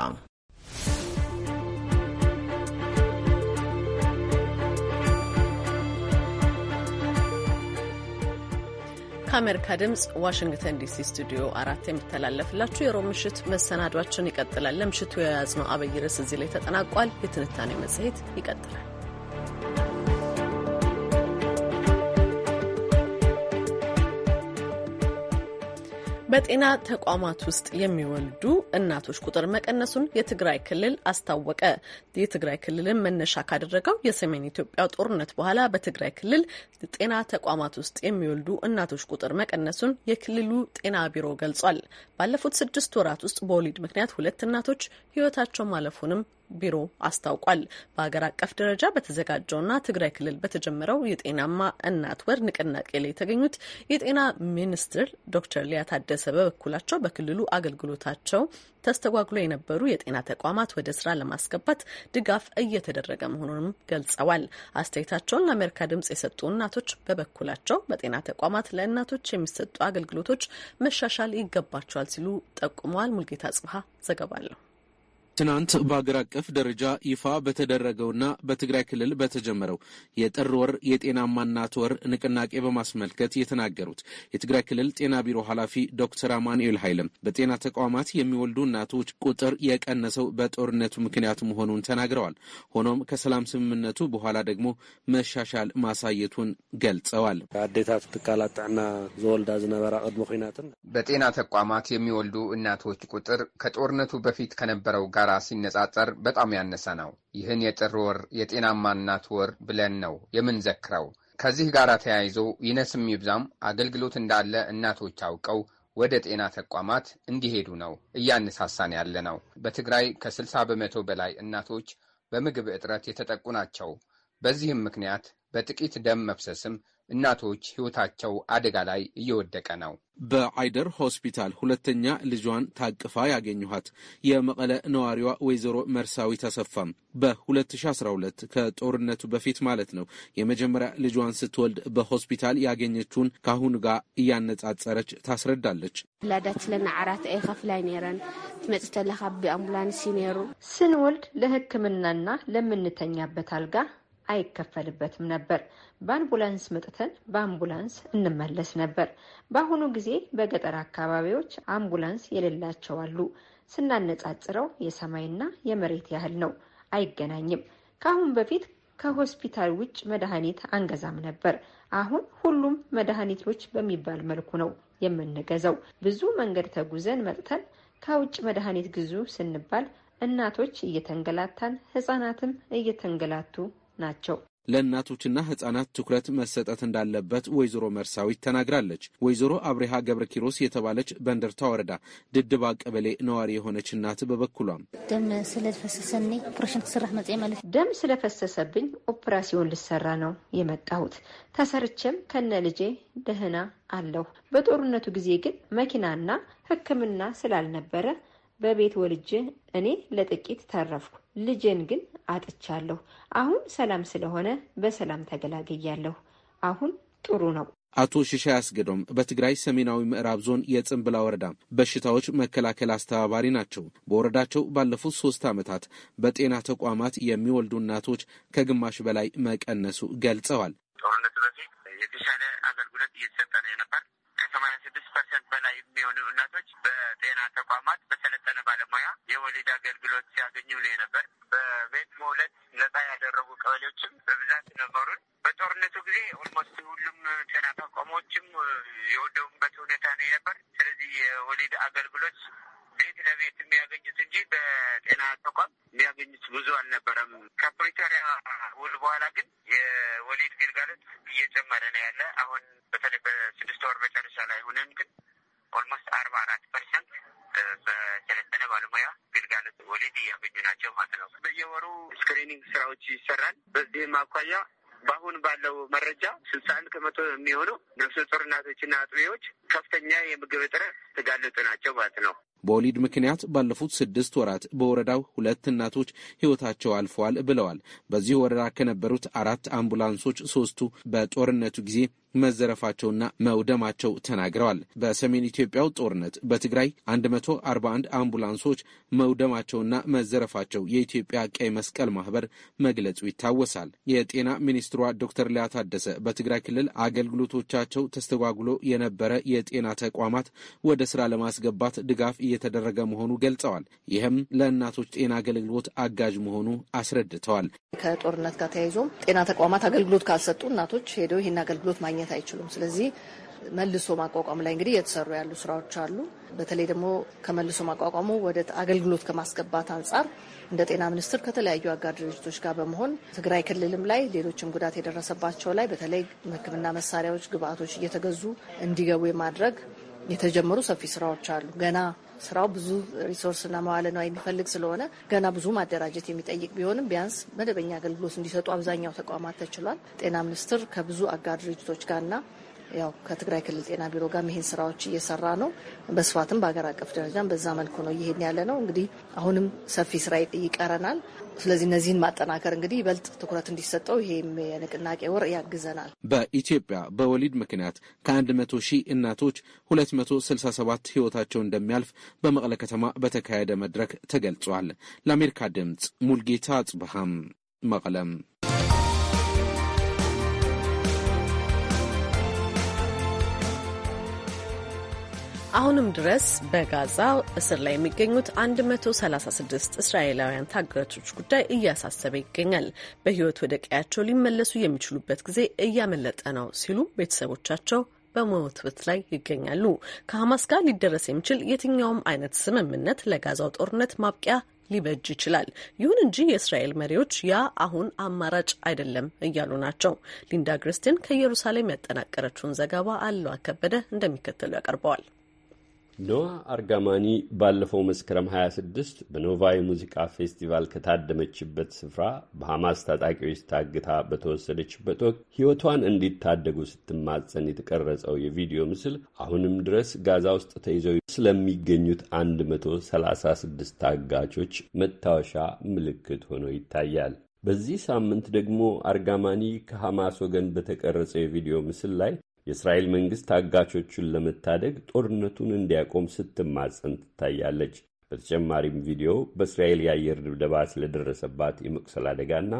ከአሜሪካ ድምፅ ዋሽንግተን ዲሲ ስቱዲዮ አራት የሚተላለፍላችሁ የሮብ ምሽት መሰናዷችን ይቀጥላል። ለምሽቱ የያዝነው አብይ ርዕስ እዚህ ላይ ተጠናቋል። የትንታኔ መጽሔት ይቀጥላል። በጤና ተቋማት ውስጥ የሚወልዱ እናቶች ቁጥር መቀነሱን የትግራይ ክልል አስታወቀ። የትግራይ ክልልን መነሻ ካደረገው የሰሜን ኢትዮጵያ ጦርነት በኋላ በትግራይ ክልል ጤና ተቋማት ውስጥ የሚወልዱ እናቶች ቁጥር መቀነሱን የክልሉ ጤና ቢሮ ገልጿል። ባለፉት ስድስት ወራት ውስጥ በወሊድ ምክንያት ሁለት እናቶች ሕይወታቸው ማለፉንም ቢሮ አስታውቋል። በሀገር አቀፍ ደረጃ በተዘጋጀውና ትግራይ ክልል በተጀመረው የጤናማ እናት ወር ንቅናቄ ላይ የተገኙት የጤና ሚኒስትር ዶክተር ሊያ ታደሰ በበኩላቸው በክልሉ አገልግሎታቸው ተስተጓጉሎ የነበሩ የጤና ተቋማት ወደ ስራ ለማስገባት ድጋፍ እየተደረገ መሆኑንም ገልጸዋል። አስተያየታቸውን ለአሜሪካ ድምጽ የሰጡ እናቶች በበኩላቸው በጤና ተቋማት ለእናቶች የሚሰጡ አገልግሎቶች መሻሻል ይገባቸዋል ሲሉ ጠቁመዋል። ሙልጌታ ጽብሀ ዘገባ ትናንት በአገር አቀፍ ደረጃ ይፋ በተደረገውና በትግራይ ክልል በተጀመረው የጥር ወር የጤናማ እናት ወር ንቅናቄ በማስመልከት የተናገሩት የትግራይ ክልል ጤና ቢሮ ኃላፊ ዶክተር አማኑኤል ኃይለም በጤና ተቋማት የሚወልዱ እናቶች ቁጥር የቀነሰው በጦርነቱ ምክንያት መሆኑን ተናግረዋል። ሆኖም ከሰላም ስምምነቱ በኋላ ደግሞ መሻሻል ማሳየቱን ገልጸዋል። አዴታት ትቃላጥዕና ዘወልዳ ዝነበራ ቅድሚ ኩናትን በጤና ተቋማት የሚወልዱ እናቶች ቁጥር ከጦርነቱ በፊት ከነበረው ጋር ጋር ሲነጻጸር በጣም ያነሰ ነው። ይህን የጥር ወር የጤናማ እናት ወር ብለን ነው የምንዘክረው። ከዚህ ጋር ተያይዞ ይነስም ይብዛም አገልግሎት እንዳለ እናቶች አውቀው ወደ ጤና ተቋማት እንዲሄዱ ነው እያነሳሳን ያለ ነው። በትግራይ ከ60 በመቶ በላይ እናቶች በምግብ እጥረት የተጠቁ ናቸው። በዚህም ምክንያት በጥቂት ደም መፍሰስም እናቶች ሕይወታቸው አደጋ ላይ እየወደቀ ነው። በአይደር ሆስፒታል ሁለተኛ ልጇን ታቅፋ ያገኘኋት የመቀለ ነዋሪዋ ወይዘሮ መርሳዊ ተሰፋም በ2012 ከጦርነቱ በፊት ማለት ነው የመጀመሪያ ልጇን ስትወልድ በሆስፒታል ያገኘችውን ከአሁኑ ጋር እያነጻጸረች ታስረዳለች። ላዳችለና ዓራት አይ ላይ ነረን ትመጽተለካ ብኣምቡላንስ ነይሩ ስንወልድ ለሕክምናና ለምንተኛበት አልጋ አይከፈልበትም ነበር። በአምቡላንስ መጥተን በአምቡላንስ እንመለስ ነበር። በአሁኑ ጊዜ በገጠር አካባቢዎች አምቡላንስ የሌላቸው አሉ። ስናነጻጽረው የሰማይና የመሬት ያህል ነው። አይገናኝም። ከአሁን በፊት ከሆስፒታል ውጭ መድኃኒት አንገዛም ነበር። አሁን ሁሉም መድኃኒቶች በሚባል መልኩ ነው የምንገዛው። ብዙ መንገድ ተጉዘን መጥተን ከውጭ መድኃኒት ግዙ ስንባል እናቶች እየተንገላታን ህጻናትም እየተንገላቱ ናቸው። ለእናቶችና ህጻናት ትኩረት መሰጠት እንዳለበት ወይዘሮ መርሳዊት ተናግራለች። ወይዘሮ አብሬሃ ገብረ ኪሮስ የተባለች በንደርታ ወረዳ ድድባ ቀበሌ ነዋሪ የሆነች እናት በበኩሏም ደም ስለፈሰሰኒ ኦፕሬሽን ክስራሕ መጽ ማለት ደም ስለፈሰሰብኝ ኦፕራሲዮን ልሰራ ነው የመጣሁት። ተሰርቼም ከነ ልጄ ደህና አለሁ። በጦርነቱ ጊዜ ግን መኪናና ህክምና ስላልነበረ በቤት ወልጄ እኔ ለጥቂት ተረፍኩ። ልጄን ግን አጥቻለሁ። አሁን ሰላም ስለሆነ በሰላም ተገላግያለሁ። አሁን ጥሩ ነው። አቶ ሽሻ ያስገዶም በትግራይ ሰሜናዊ ምዕራብ ዞን የጽንብላ ወረዳ በሽታዎች መከላከል አስተባባሪ ናቸው። በወረዳቸው ባለፉት ሶስት ዓመታት በጤና ተቋማት የሚወልዱ እናቶች ከግማሽ በላይ መቀነሱ ገልጸዋል። ጦርነት በፊት የተሻለ አገልግሎት እየተሰጠ ነው ከሰማንያ ስድስት ፐርሰንት በላይ የሚሆኑ እናቶች በጤና ተቋማት በሰለጠነ ባለሙያ የወሊድ አገልግሎት ሲያገኙ ነው የነበር። በቤት መውለድ ነጻ ያደረጉ ቀበሌዎችም በብዛት ነበሩን። በጦርነቱ ጊዜ ኦልሞስት ሁሉም ጤና ተቋሞችም የወደሙበት ሁኔታ ነው የነበር። ስለዚህ የወሊድ አገልግሎት ቤት ለቤት የሚያገኙት እንጂ በጤና ተቋም የሚያገኙት ብዙ አልነበረም። ከፕሪቶሪያ ውል በኋላ ግን የወሊድ ግልጋሎት እየጨመረ ነው ያለ። አሁን በተለይ በስድስት ወር መጨረሻ ላይ ሆነን ግን ኦልሞስት አርባ አራት ፐርሰንት በሰለጠነ ባለሙያ ግልጋሎት ወሊድ እያገኙ ናቸው ማለት ነው። በየወሩ ስክሪኒንግ ስራዎች ይሰራል። በዚህም አኳያ በአሁን ባለው መረጃ ስልሳ አንድ ከመቶ የሚሆኑ ነፍሰ ጡር እናቶችና አጥቢዎች ከፍተኛ የምግብ እጥረት ተጋለጡ ናቸው ማለት ነው። በወሊድ ምክንያት ባለፉት ስድስት ወራት በወረዳው ሁለት እናቶች ሕይወታቸው አልፈዋል ብለዋል። በዚህ ወረዳ ከነበሩት አራት አምቡላንሶች ሶስቱ በጦርነቱ ጊዜ መዘረፋቸውና መውደማቸው ተናግረዋል። በሰሜን ኢትዮጵያው ጦርነት በትግራይ 141 አምቡላንሶች መውደማቸውና መዘረፋቸው የኢትዮጵያ ቀይ መስቀል ማህበር መግለጹ ይታወሳል። የጤና ሚኒስትሯ ዶክተር ሊያ ታደሰ በትግራይ ክልል አገልግሎቶቻቸው ተስተጓጉሎ የነበረ የጤና ተቋማት ወደ ስራ ለማስገባት ድጋፍ እየተደረገ መሆኑ ገልጸዋል። ይህም ለእናቶች ጤና አገልግሎት አጋዥ መሆኑ አስረድተዋል። ከጦርነት ጋር ተያይዞም ጤና ተቋማት አገልግሎት ካልሰጡ እናቶች ሄደው ይህን አገልግሎት ማግኘት ማግኘት አይችሉም። ስለዚህ መልሶ ማቋቋም ላይ እንግዲህ እየተሰሩ ያሉ ስራዎች አሉ። በተለይ ደግሞ ከመልሶ ማቋቋሙ ወደ አገልግሎት ከማስገባት አንጻር እንደ ጤና ሚኒስቴር ከተለያዩ አጋር ድርጅቶች ጋር በመሆን ትግራይ ክልልም ላይ ሌሎችም ጉዳት የደረሰባቸው ላይ በተለይ ሕክምና መሳሪያዎች፣ ግብአቶች እየተገዙ እንዲገቡ የማድረግ የተጀመሩ ሰፊ ስራዎች አሉ። ገና ስራው ብዙ ሪሶርስና መዋለ ነው የሚፈልግ ስለሆነ ገና ብዙ ማደራጀት የሚጠይቅ ቢሆንም ቢያንስ መደበኛ አገልግሎት እንዲሰጡ አብዛኛው ተቋማት ተችሏል። ጤና ሚኒስቴር ከብዙ አጋር ድርጅቶች ጋርና ያው ከትግራይ ክልል ጤና ቢሮ ጋር ይህን ስራዎች እየሰራ ነው። በስፋትም በሀገር አቀፍ ደረጃም በዛ መልኩ ነው እየሄድን ያለ ነው። እንግዲህ አሁንም ሰፊ ስራ ይቀረናል። ስለዚህ እነዚህን ማጠናከር እንግዲህ ይበልጥ ትኩረት እንዲሰጠው ይሄም የንቅናቄ ወር ያግዘናል። በኢትዮጵያ በወሊድ ምክንያት ከአንድ መቶ ሺህ እናቶች ሁለት መቶ ስልሳ ሰባት ህይወታቸው እንደሚያልፍ በመቀለ ከተማ በተካሄደ መድረክ ተገልጿል። ለአሜሪካ ድምፅ ሙልጌታ አጽብሃም መቀለም አሁንም ድረስ በጋዛ እስር ላይ የሚገኙት 136 እስራኤላውያን ታጋቾች ጉዳይ እያሳሰበ ይገኛል። በሕይወት ወደ ቀያቸው ሊመለሱ የሚችሉበት ጊዜ እያመለጠ ነው ሲሉ ቤተሰቦቻቸው በመወትወት ላይ ይገኛሉ። ከሐማስ ጋር ሊደረስ የሚችል የትኛውም አይነት ስምምነት ለጋዛው ጦርነት ማብቂያ ሊበጅ ይችላል። ይሁን እንጂ የእስራኤል መሪዎች ያ አሁን አማራጭ አይደለም እያሉ ናቸው። ሊንዳ ግርስቲን ከኢየሩሳሌም ያጠናቀረችውን ዘገባ አለዋ ከበደ እንደሚከተሉ ያቀርበዋል። ኖዋ አርጋማኒ ባለፈው መስከረም 26 በኖቫ የሙዚቃ ፌስቲቫል ከታደመችበት ስፍራ በሐማስ ታጣቂዎች ታግታ በተወሰደችበት ወቅት ሕይወቷን እንዲታደጉ ስትማጸን የተቀረጸው የቪዲዮ ምስል አሁንም ድረስ ጋዛ ውስጥ ተይዘው ስለሚገኙት 136 ታጋቾች መታወሻ ምልክት ሆኖ ይታያል። በዚህ ሳምንት ደግሞ አርጋማኒ ከሐማስ ወገን በተቀረጸው የቪዲዮ ምስል ላይ የእስራኤል መንግሥት ታጋቾቹን ለመታደግ ጦርነቱን እንዲያቆም ስትማጸን ትታያለች። በተጨማሪም ቪዲዮ በእስራኤል የአየር ድብደባ ስለደረሰባት የመቁሰል አደጋና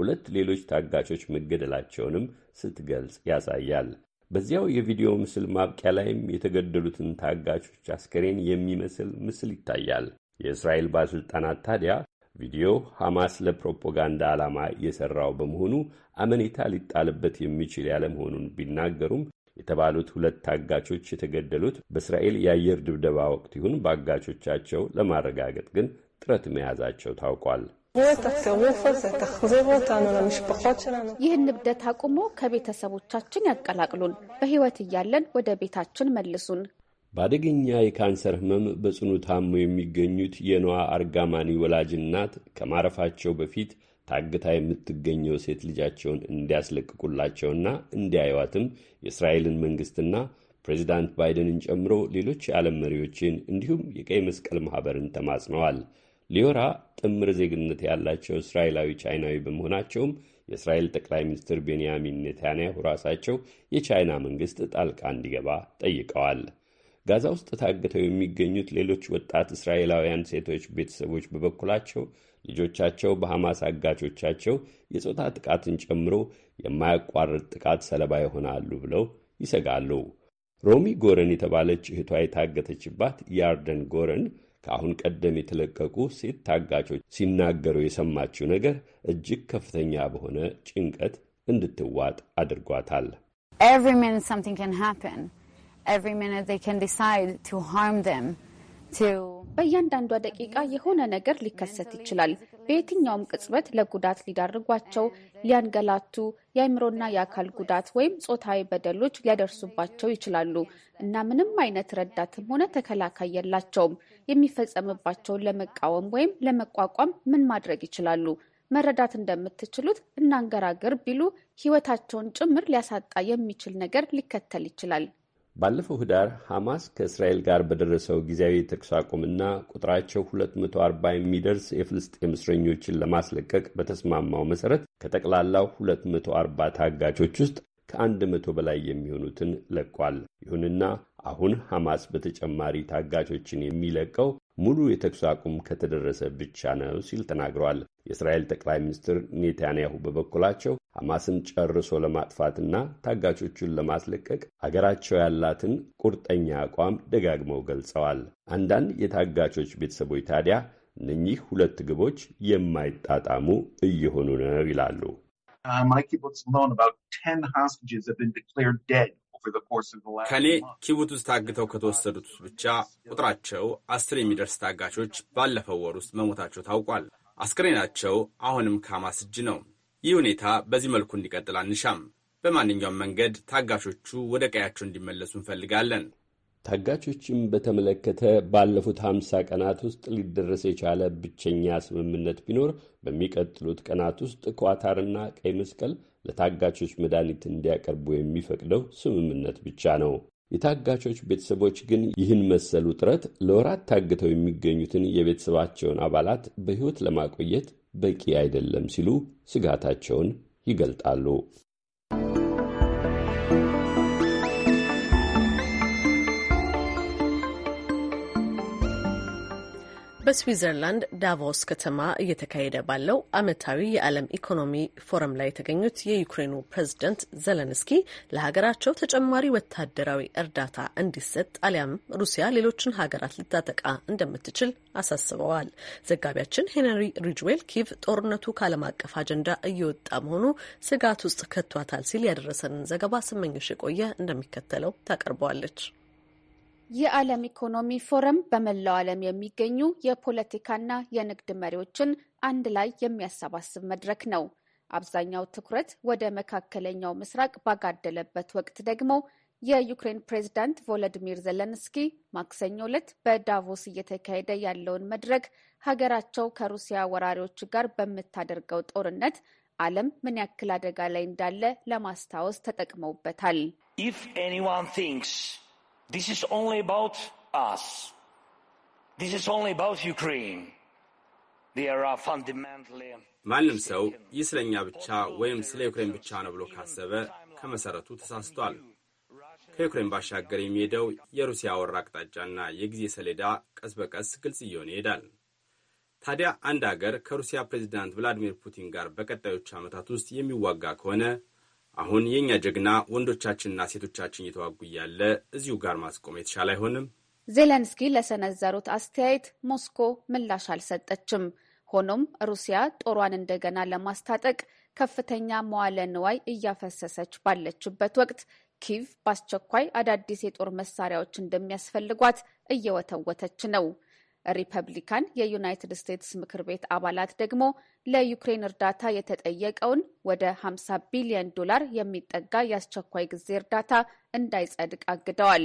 ሁለት ሌሎች ታጋቾች መገደላቸውንም ስትገልጽ ያሳያል። በዚያው የቪዲዮ ምስል ማብቂያ ላይም የተገደሉትን ታጋቾች አስከሬን የሚመስል ምስል ይታያል። የእስራኤል ባለሥልጣናት ታዲያ ቪዲዮው ሐማስ ለፕሮፓጋንዳ ዓላማ የሠራው በመሆኑ አመኔታ ሊጣልበት የሚችል ያለመሆኑን ቢናገሩም የተባሉት ሁለት ታጋቾች የተገደሉት በእስራኤል የአየር ድብደባ ወቅት ይሁን በአጋቾቻቸው ለማረጋገጥ ግን ጥረት መያዛቸው ታውቋል። ይህን እብደት አቁሞ ከቤተሰቦቻችን ያቀላቅሉን፣ በሕይወት እያለን ወደ ቤታችን መልሱን፣ በአደገኛ የካንሰር ህመም በጽኑ ታሞ የሚገኙት የነዋ አርጋማኒ ወላጅ እናት ከማረፋቸው በፊት ታግታ የምትገኘው ሴት ልጃቸውን እንዲያስለቅቁላቸውና እንዲያዩዋትም የእስራኤልን መንግስትና ፕሬዚዳንት ባይደንን ጨምሮ ሌሎች የዓለም መሪዎችን እንዲሁም የቀይ መስቀል ማኅበርን ተማጽነዋል። ሊዮራ ጥምር ዜግነት ያላቸው እስራኤላዊ ቻይናዊ በመሆናቸውም የእስራኤል ጠቅላይ ሚኒስትር ቤንያሚን ኔታንያሁ ራሳቸው የቻይና መንግስት ጣልቃ እንዲገባ ጠይቀዋል። ጋዛ ውስጥ ታግተው የሚገኙት ሌሎች ወጣት እስራኤላውያን ሴቶች ቤተሰቦች በበኩላቸው ልጆቻቸው በሐማስ አጋቾቻቸው የጾታ ጥቃትን ጨምሮ የማያቋርጥ ጥቃት ሰለባ ይሆናሉ ብለው ይሰጋሉ። ሮሚ ጎረን የተባለች እህቷ የታገተችባት ያርደን ጎረን ከአሁን ቀደም የተለቀቁ ሴት ታጋቾች ሲናገሩ የሰማችው ነገር እጅግ ከፍተኛ በሆነ ጭንቀት እንድትዋጥ አድርጓታል። በእያንዳንዷ ደቂቃ የሆነ ነገር ሊከሰት ይችላል። በየትኛውም ቅጽበት ለጉዳት ሊዳርጓቸው፣ ሊያንገላቱ፣ የአእምሮና የአካል ጉዳት ወይም ጾታዊ በደሎች ሊያደርሱባቸው ይችላሉ እና ምንም አይነት ረዳትም ሆነ ተከላካይ የላቸውም። የሚፈጸምባቸውን ለመቃወም ወይም ለመቋቋም ምን ማድረግ ይችላሉ? መረዳት እንደምትችሉት እናንገራግር ቢሉ ሕይወታቸውን ጭምር ሊያሳጣ የሚችል ነገር ሊከተል ይችላል። ባለፈው ህዳር ሐማስ ከእስራኤል ጋር በደረሰው ጊዜያዊ የተኩስ አቁምና ቁጥራቸው 240 የሚደርስ የፍልስጤም እስረኞችን ለማስለቀቅ በተስማማው መሠረት ከጠቅላላው 240 ታጋቾች ውስጥ ከአንድ መቶ በላይ የሚሆኑትን ለቋል። ይሁንና አሁን ሐማስ በተጨማሪ ታጋቾችን የሚለቀው ሙሉ የተኩስ አቁም ከተደረሰ ብቻ ነው ሲል ተናግሯል። የእስራኤል ጠቅላይ ሚኒስትር ኔታንያሁ በበኩላቸው ሐማስን ጨርሶ ለማጥፋትና ታጋቾቹን ለማስለቀቅ አገራቸው ያላትን ቁርጠኛ አቋም ደጋግመው ገልጸዋል። አንዳንድ የታጋቾች ቤተሰቦች ታዲያ እነኚህ ሁለት ግቦች የማይጣጣሙ እየሆኑ ነው ይላሉ። ከኔ ኪቡት ውስጥ ታግተው ከተወሰዱት ብቻ ቁጥራቸው አስር የሚደርስ ታጋቾች ባለፈው ወር ውስጥ መሞታቸው ታውቋል። አስክሬናቸው አሁንም ከሐማስ እጅ ነው። ይህ ሁኔታ በዚህ መልኩ እንዲቀጥል አንሻም። በማንኛውም መንገድ ታጋሾቹ ወደ ቀያቸው እንዲመለሱ እንፈልጋለን። ታጋቾችን በተመለከተ ባለፉት 50 ቀናት ውስጥ ሊደረስ የቻለ ብቸኛ ስምምነት ቢኖር በሚቀጥሉት ቀናት ውስጥ ኳታርና ቀይ መስቀል ለታጋቾች መድኃኒት እንዲያቀርቡ የሚፈቅደው ስምምነት ብቻ ነው። የታጋቾች ቤተሰቦች ግን ይህን መሰሉ ጥረት ለወራት ታግተው የሚገኙትን የቤተሰባቸውን አባላት በሕይወት ለማቆየት በቂ አይደለም ሲሉ ስጋታቸውን ይገልጣሉ። በስዊዘርላንድ ዳቮስ ከተማ እየተካሄደ ባለው ዓመታዊ የዓለም ኢኮኖሚ ፎረም ላይ የተገኙት የዩክሬኑ ፕሬዝደንት ዘለንስኪ ለሀገራቸው ተጨማሪ ወታደራዊ እርዳታ እንዲሰጥ አሊያም ሩሲያ ሌሎችን ሀገራት ልታጠቃ እንደምትችል አሳስበዋል። ዘጋቢያችን ሄንሪ ሪጅዌል ኪቭ ጦርነቱ ከዓለም አቀፍ አጀንዳ እየወጣ መሆኑ ስጋት ውስጥ ከቷታል ሲል ያደረሰንን ዘገባ ስመኞሽ የቆየ እንደሚከተለው ታቀርበዋለች። የዓለም ኢኮኖሚ ፎረም በመላው ዓለም የሚገኙ የፖለቲካና የንግድ መሪዎችን አንድ ላይ የሚያሰባስብ መድረክ ነው። አብዛኛው ትኩረት ወደ መካከለኛው ምስራቅ ባጋደለበት ወቅት ደግሞ የዩክሬን ፕሬዝዳንት ቮለዲሚር ዘለንስኪ ማክሰኞ ዕለት በዳቮስ እየተካሄደ ያለውን መድረክ ሀገራቸው ከሩሲያ ወራሪዎች ጋር በምታደርገው ጦርነት ዓለም ምን ያክል አደጋ ላይ እንዳለ ለማስታወስ ተጠቅመውበታል። This is only about us. This is only about Ukraine. There are uh, fundamentally ማንም ሰው ይህ ስለኛ ብቻ ወይም ስለ ዩክሬን ብቻ ነው ብሎ ካሰበ ከመሰረቱ ተሳስቷል። ከዩክሬን ባሻገር የሚሄደው የሩሲያ ወራ አቅጣጫና የጊዜ ሰሌዳ ቀስ በቀስ ግልጽ እየሆነ ይሄዳል። ታዲያ አንድ አገር ከሩሲያ ፕሬዚዳንት ቭላዲሚር ፑቲን ጋር በቀጣዮቹ ዓመታት ውስጥ የሚዋጋ ከሆነ አሁን የእኛ ጀግና ወንዶቻችንና ሴቶቻችን እየተዋጉ እያለ እዚሁ ጋር ማስቆም የተሻለ አይሆንም? ዜሌንስኪ ለሰነዘሩት አስተያየት ሞስኮ ምላሽ አልሰጠችም። ሆኖም ሩሲያ ጦሯን እንደገና ለማስታጠቅ ከፍተኛ መዋለ ንዋይ እያፈሰሰች ባለችበት ወቅት ኪቭ በአስቸኳይ አዳዲስ የጦር መሳሪያዎች እንደሚያስፈልጓት እየወተወተች ነው። ሪፐብሊካን የዩናይትድ ስቴትስ ምክር ቤት አባላት ደግሞ ለዩክሬን እርዳታ የተጠየቀውን ወደ 50 ቢሊዮን ዶላር የሚጠጋ የአስቸኳይ ጊዜ እርዳታ እንዳይጸድቅ አግደዋል።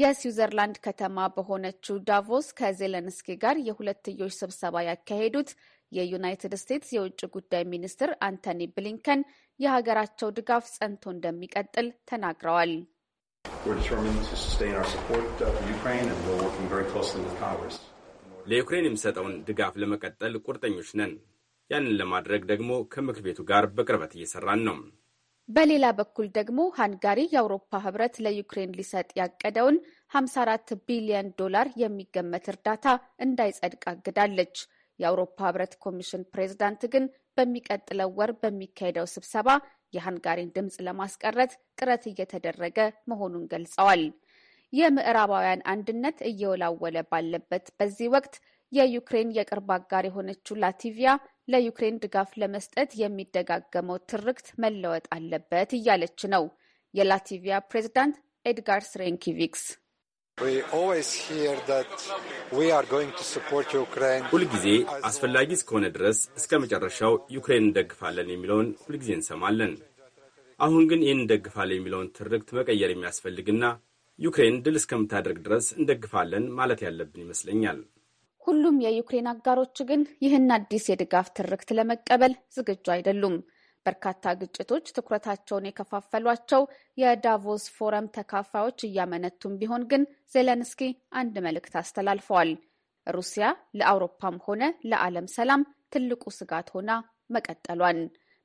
የስዊዘርላንድ ከተማ በሆነችው ዳቮስ ከዜለንስኪ ጋር የሁለትዮሽ ስብሰባ ያካሄዱት የዩናይትድ ስቴትስ የውጭ ጉዳይ ሚኒስትር አንቶኒ ብሊንከን የሀገራቸው ድጋፍ ጸንቶ እንደሚቀጥል ተናግረዋል። ለዩክሬን የሚሰጠውን ድጋፍ ለመቀጠል ቁርጠኞች ነን። ያንን ለማድረግ ደግሞ ከምክር ቤቱ ጋር በቅርበት እየሰራን ነው። በሌላ በኩል ደግሞ ሃንጋሪ የአውሮፓ ህብረት ለዩክሬን ሊሰጥ ያቀደውን 54 ቢሊዮን ዶላር የሚገመት እርዳታ እንዳይጸድቅ አግዳለች። የአውሮፓ ህብረት ኮሚሽን ፕሬዝዳንት ግን በሚቀጥለው ወር በሚካሄደው ስብሰባ የሃንጋሪን ድምፅ ለማስቀረት ጥረት እየተደረገ መሆኑን ገልጸዋል። የምዕራባውያን አንድነት እየወላወለ ባለበት በዚህ ወቅት የዩክሬን የቅርብ አጋር የሆነችው ላቲቪያ ለዩክሬን ድጋፍ ለመስጠት የሚደጋገመው ትርክት መለወጥ አለበት እያለች ነው። የላቲቪያ ፕሬዝዳንት ኤድጋር ስሬንኪቪክስ ሁልጊዜ አስፈላጊ እስከሆነ ድረስ እስከ መጨረሻው ዩክሬን እንደግፋለን የሚለውን ሁልጊዜ እንሰማለን። አሁን ግን ይህን እንደግፋለን የሚለውን ትርክት መቀየር የሚያስፈልግና ዩክሬን ድል እስከምታደርግ ድረስ እንደግፋለን ማለት ያለብን ይመስለኛል። ሁሉም የዩክሬን አጋሮች ግን ይህን አዲስ የድጋፍ ትርክት ለመቀበል ዝግጁ አይደሉም። በርካታ ግጭቶች ትኩረታቸውን የከፋፈሏቸው የዳቮስ ፎረም ተካፋዮች እያመነቱም ቢሆን ግን ዜሌንስኪ አንድ መልእክት አስተላልፈዋል። ሩሲያ ለአውሮፓም ሆነ ለዓለም ሰላም ትልቁ ስጋት ሆና መቀጠሏን።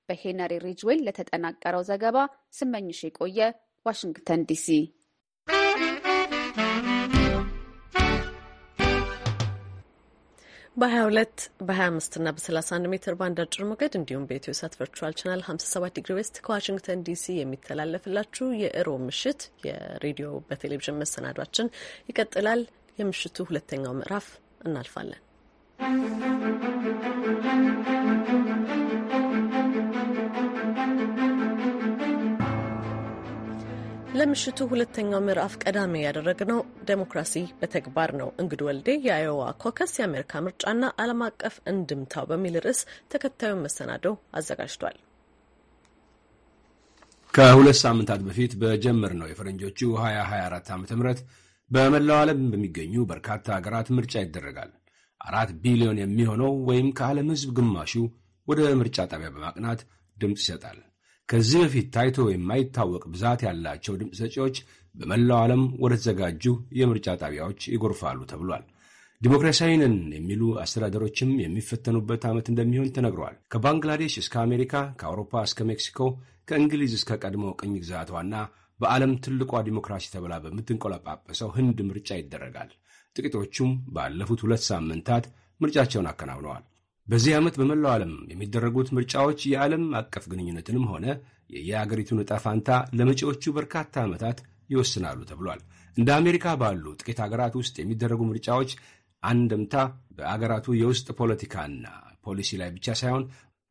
በሄነሪ ሪጅዌል ለተጠናቀረው ዘገባ ስመኝሽ የቆየ ዋሽንግተን ዲሲ። በ22 በ25 እና በ31 ሜትር ባንድ አጭር ሞገድ እንዲሁም በኢትዮ ሳት ቨርቹዋል ቻናል 57 ዲግሪ ዌስት ከዋሽንግተን ዲሲ የሚተላለፍላችሁ የእሮብ ምሽት የሬዲዮ በቴሌቪዥን መሰናዷችን ይቀጥላል። የምሽቱ ሁለተኛው ምዕራፍ እናልፋለን። ለምሽቱ ሁለተኛው ምዕራፍ ቀዳሚ ያደረግነው ዴሞክራሲ በተግባር ነው። እንግድ ወልዴ የአዮዋ ኮከስ የአሜሪካ ምርጫና ዓለም አቀፍ እንድምታው በሚል ርዕስ ተከታዩን መሰናዶ አዘጋጅቷል። ከሁለት ሳምንታት በፊት ነው። የፈረንጆቹ 2024 ዓ ም በመላው ዓለም በሚገኙ በርካታ ሀገራት ምርጫ ይደረጋል። አራት ቢሊዮን የሚሆነው ወይም ከዓለም ሕዝብ ግማሹ ወደ ምርጫ ጣቢያ በማቅናት ድምፅ ይሰጣል። ከዚህ በፊት ታይቶ የማይታወቅ ብዛት ያላቸው ድምፅ ሰጪዎች በመላው ዓለም ወደ ተዘጋጁ የምርጫ ጣቢያዎች ይጎርፋሉ ተብሏል። ዲሞክራሲያዊ ነን የሚሉ አስተዳደሮችም የሚፈተኑበት ዓመት እንደሚሆን ተነግሯል። ከባንግላዴሽ እስከ አሜሪካ፣ ከአውሮፓ እስከ ሜክሲኮ፣ ከእንግሊዝ እስከ ቀድሞ ቅኝ ግዛቷና በዓለም ትልቋ ዲሞክራሲ ተብላ በምትንቆለጳጰሰው ህንድ ምርጫ ይደረጋል። ጥቂቶቹም ባለፉት ሁለት ሳምንታት ምርጫቸውን አከናውነዋል። በዚህ ዓመት በመላው ዓለም የሚደረጉት ምርጫዎች የዓለም አቀፍ ግንኙነትንም ሆነ የየአገሪቱን ዕጣ ፋንታ ለመጪዎቹ በርካታ ዓመታት ይወስናሉ ተብሏል። እንደ አሜሪካ ባሉ ጥቂት አገራት ውስጥ የሚደረጉ ምርጫዎች አንድምታ በአገራቱ የውስጥ ፖለቲካና ፖሊሲ ላይ ብቻ ሳይሆን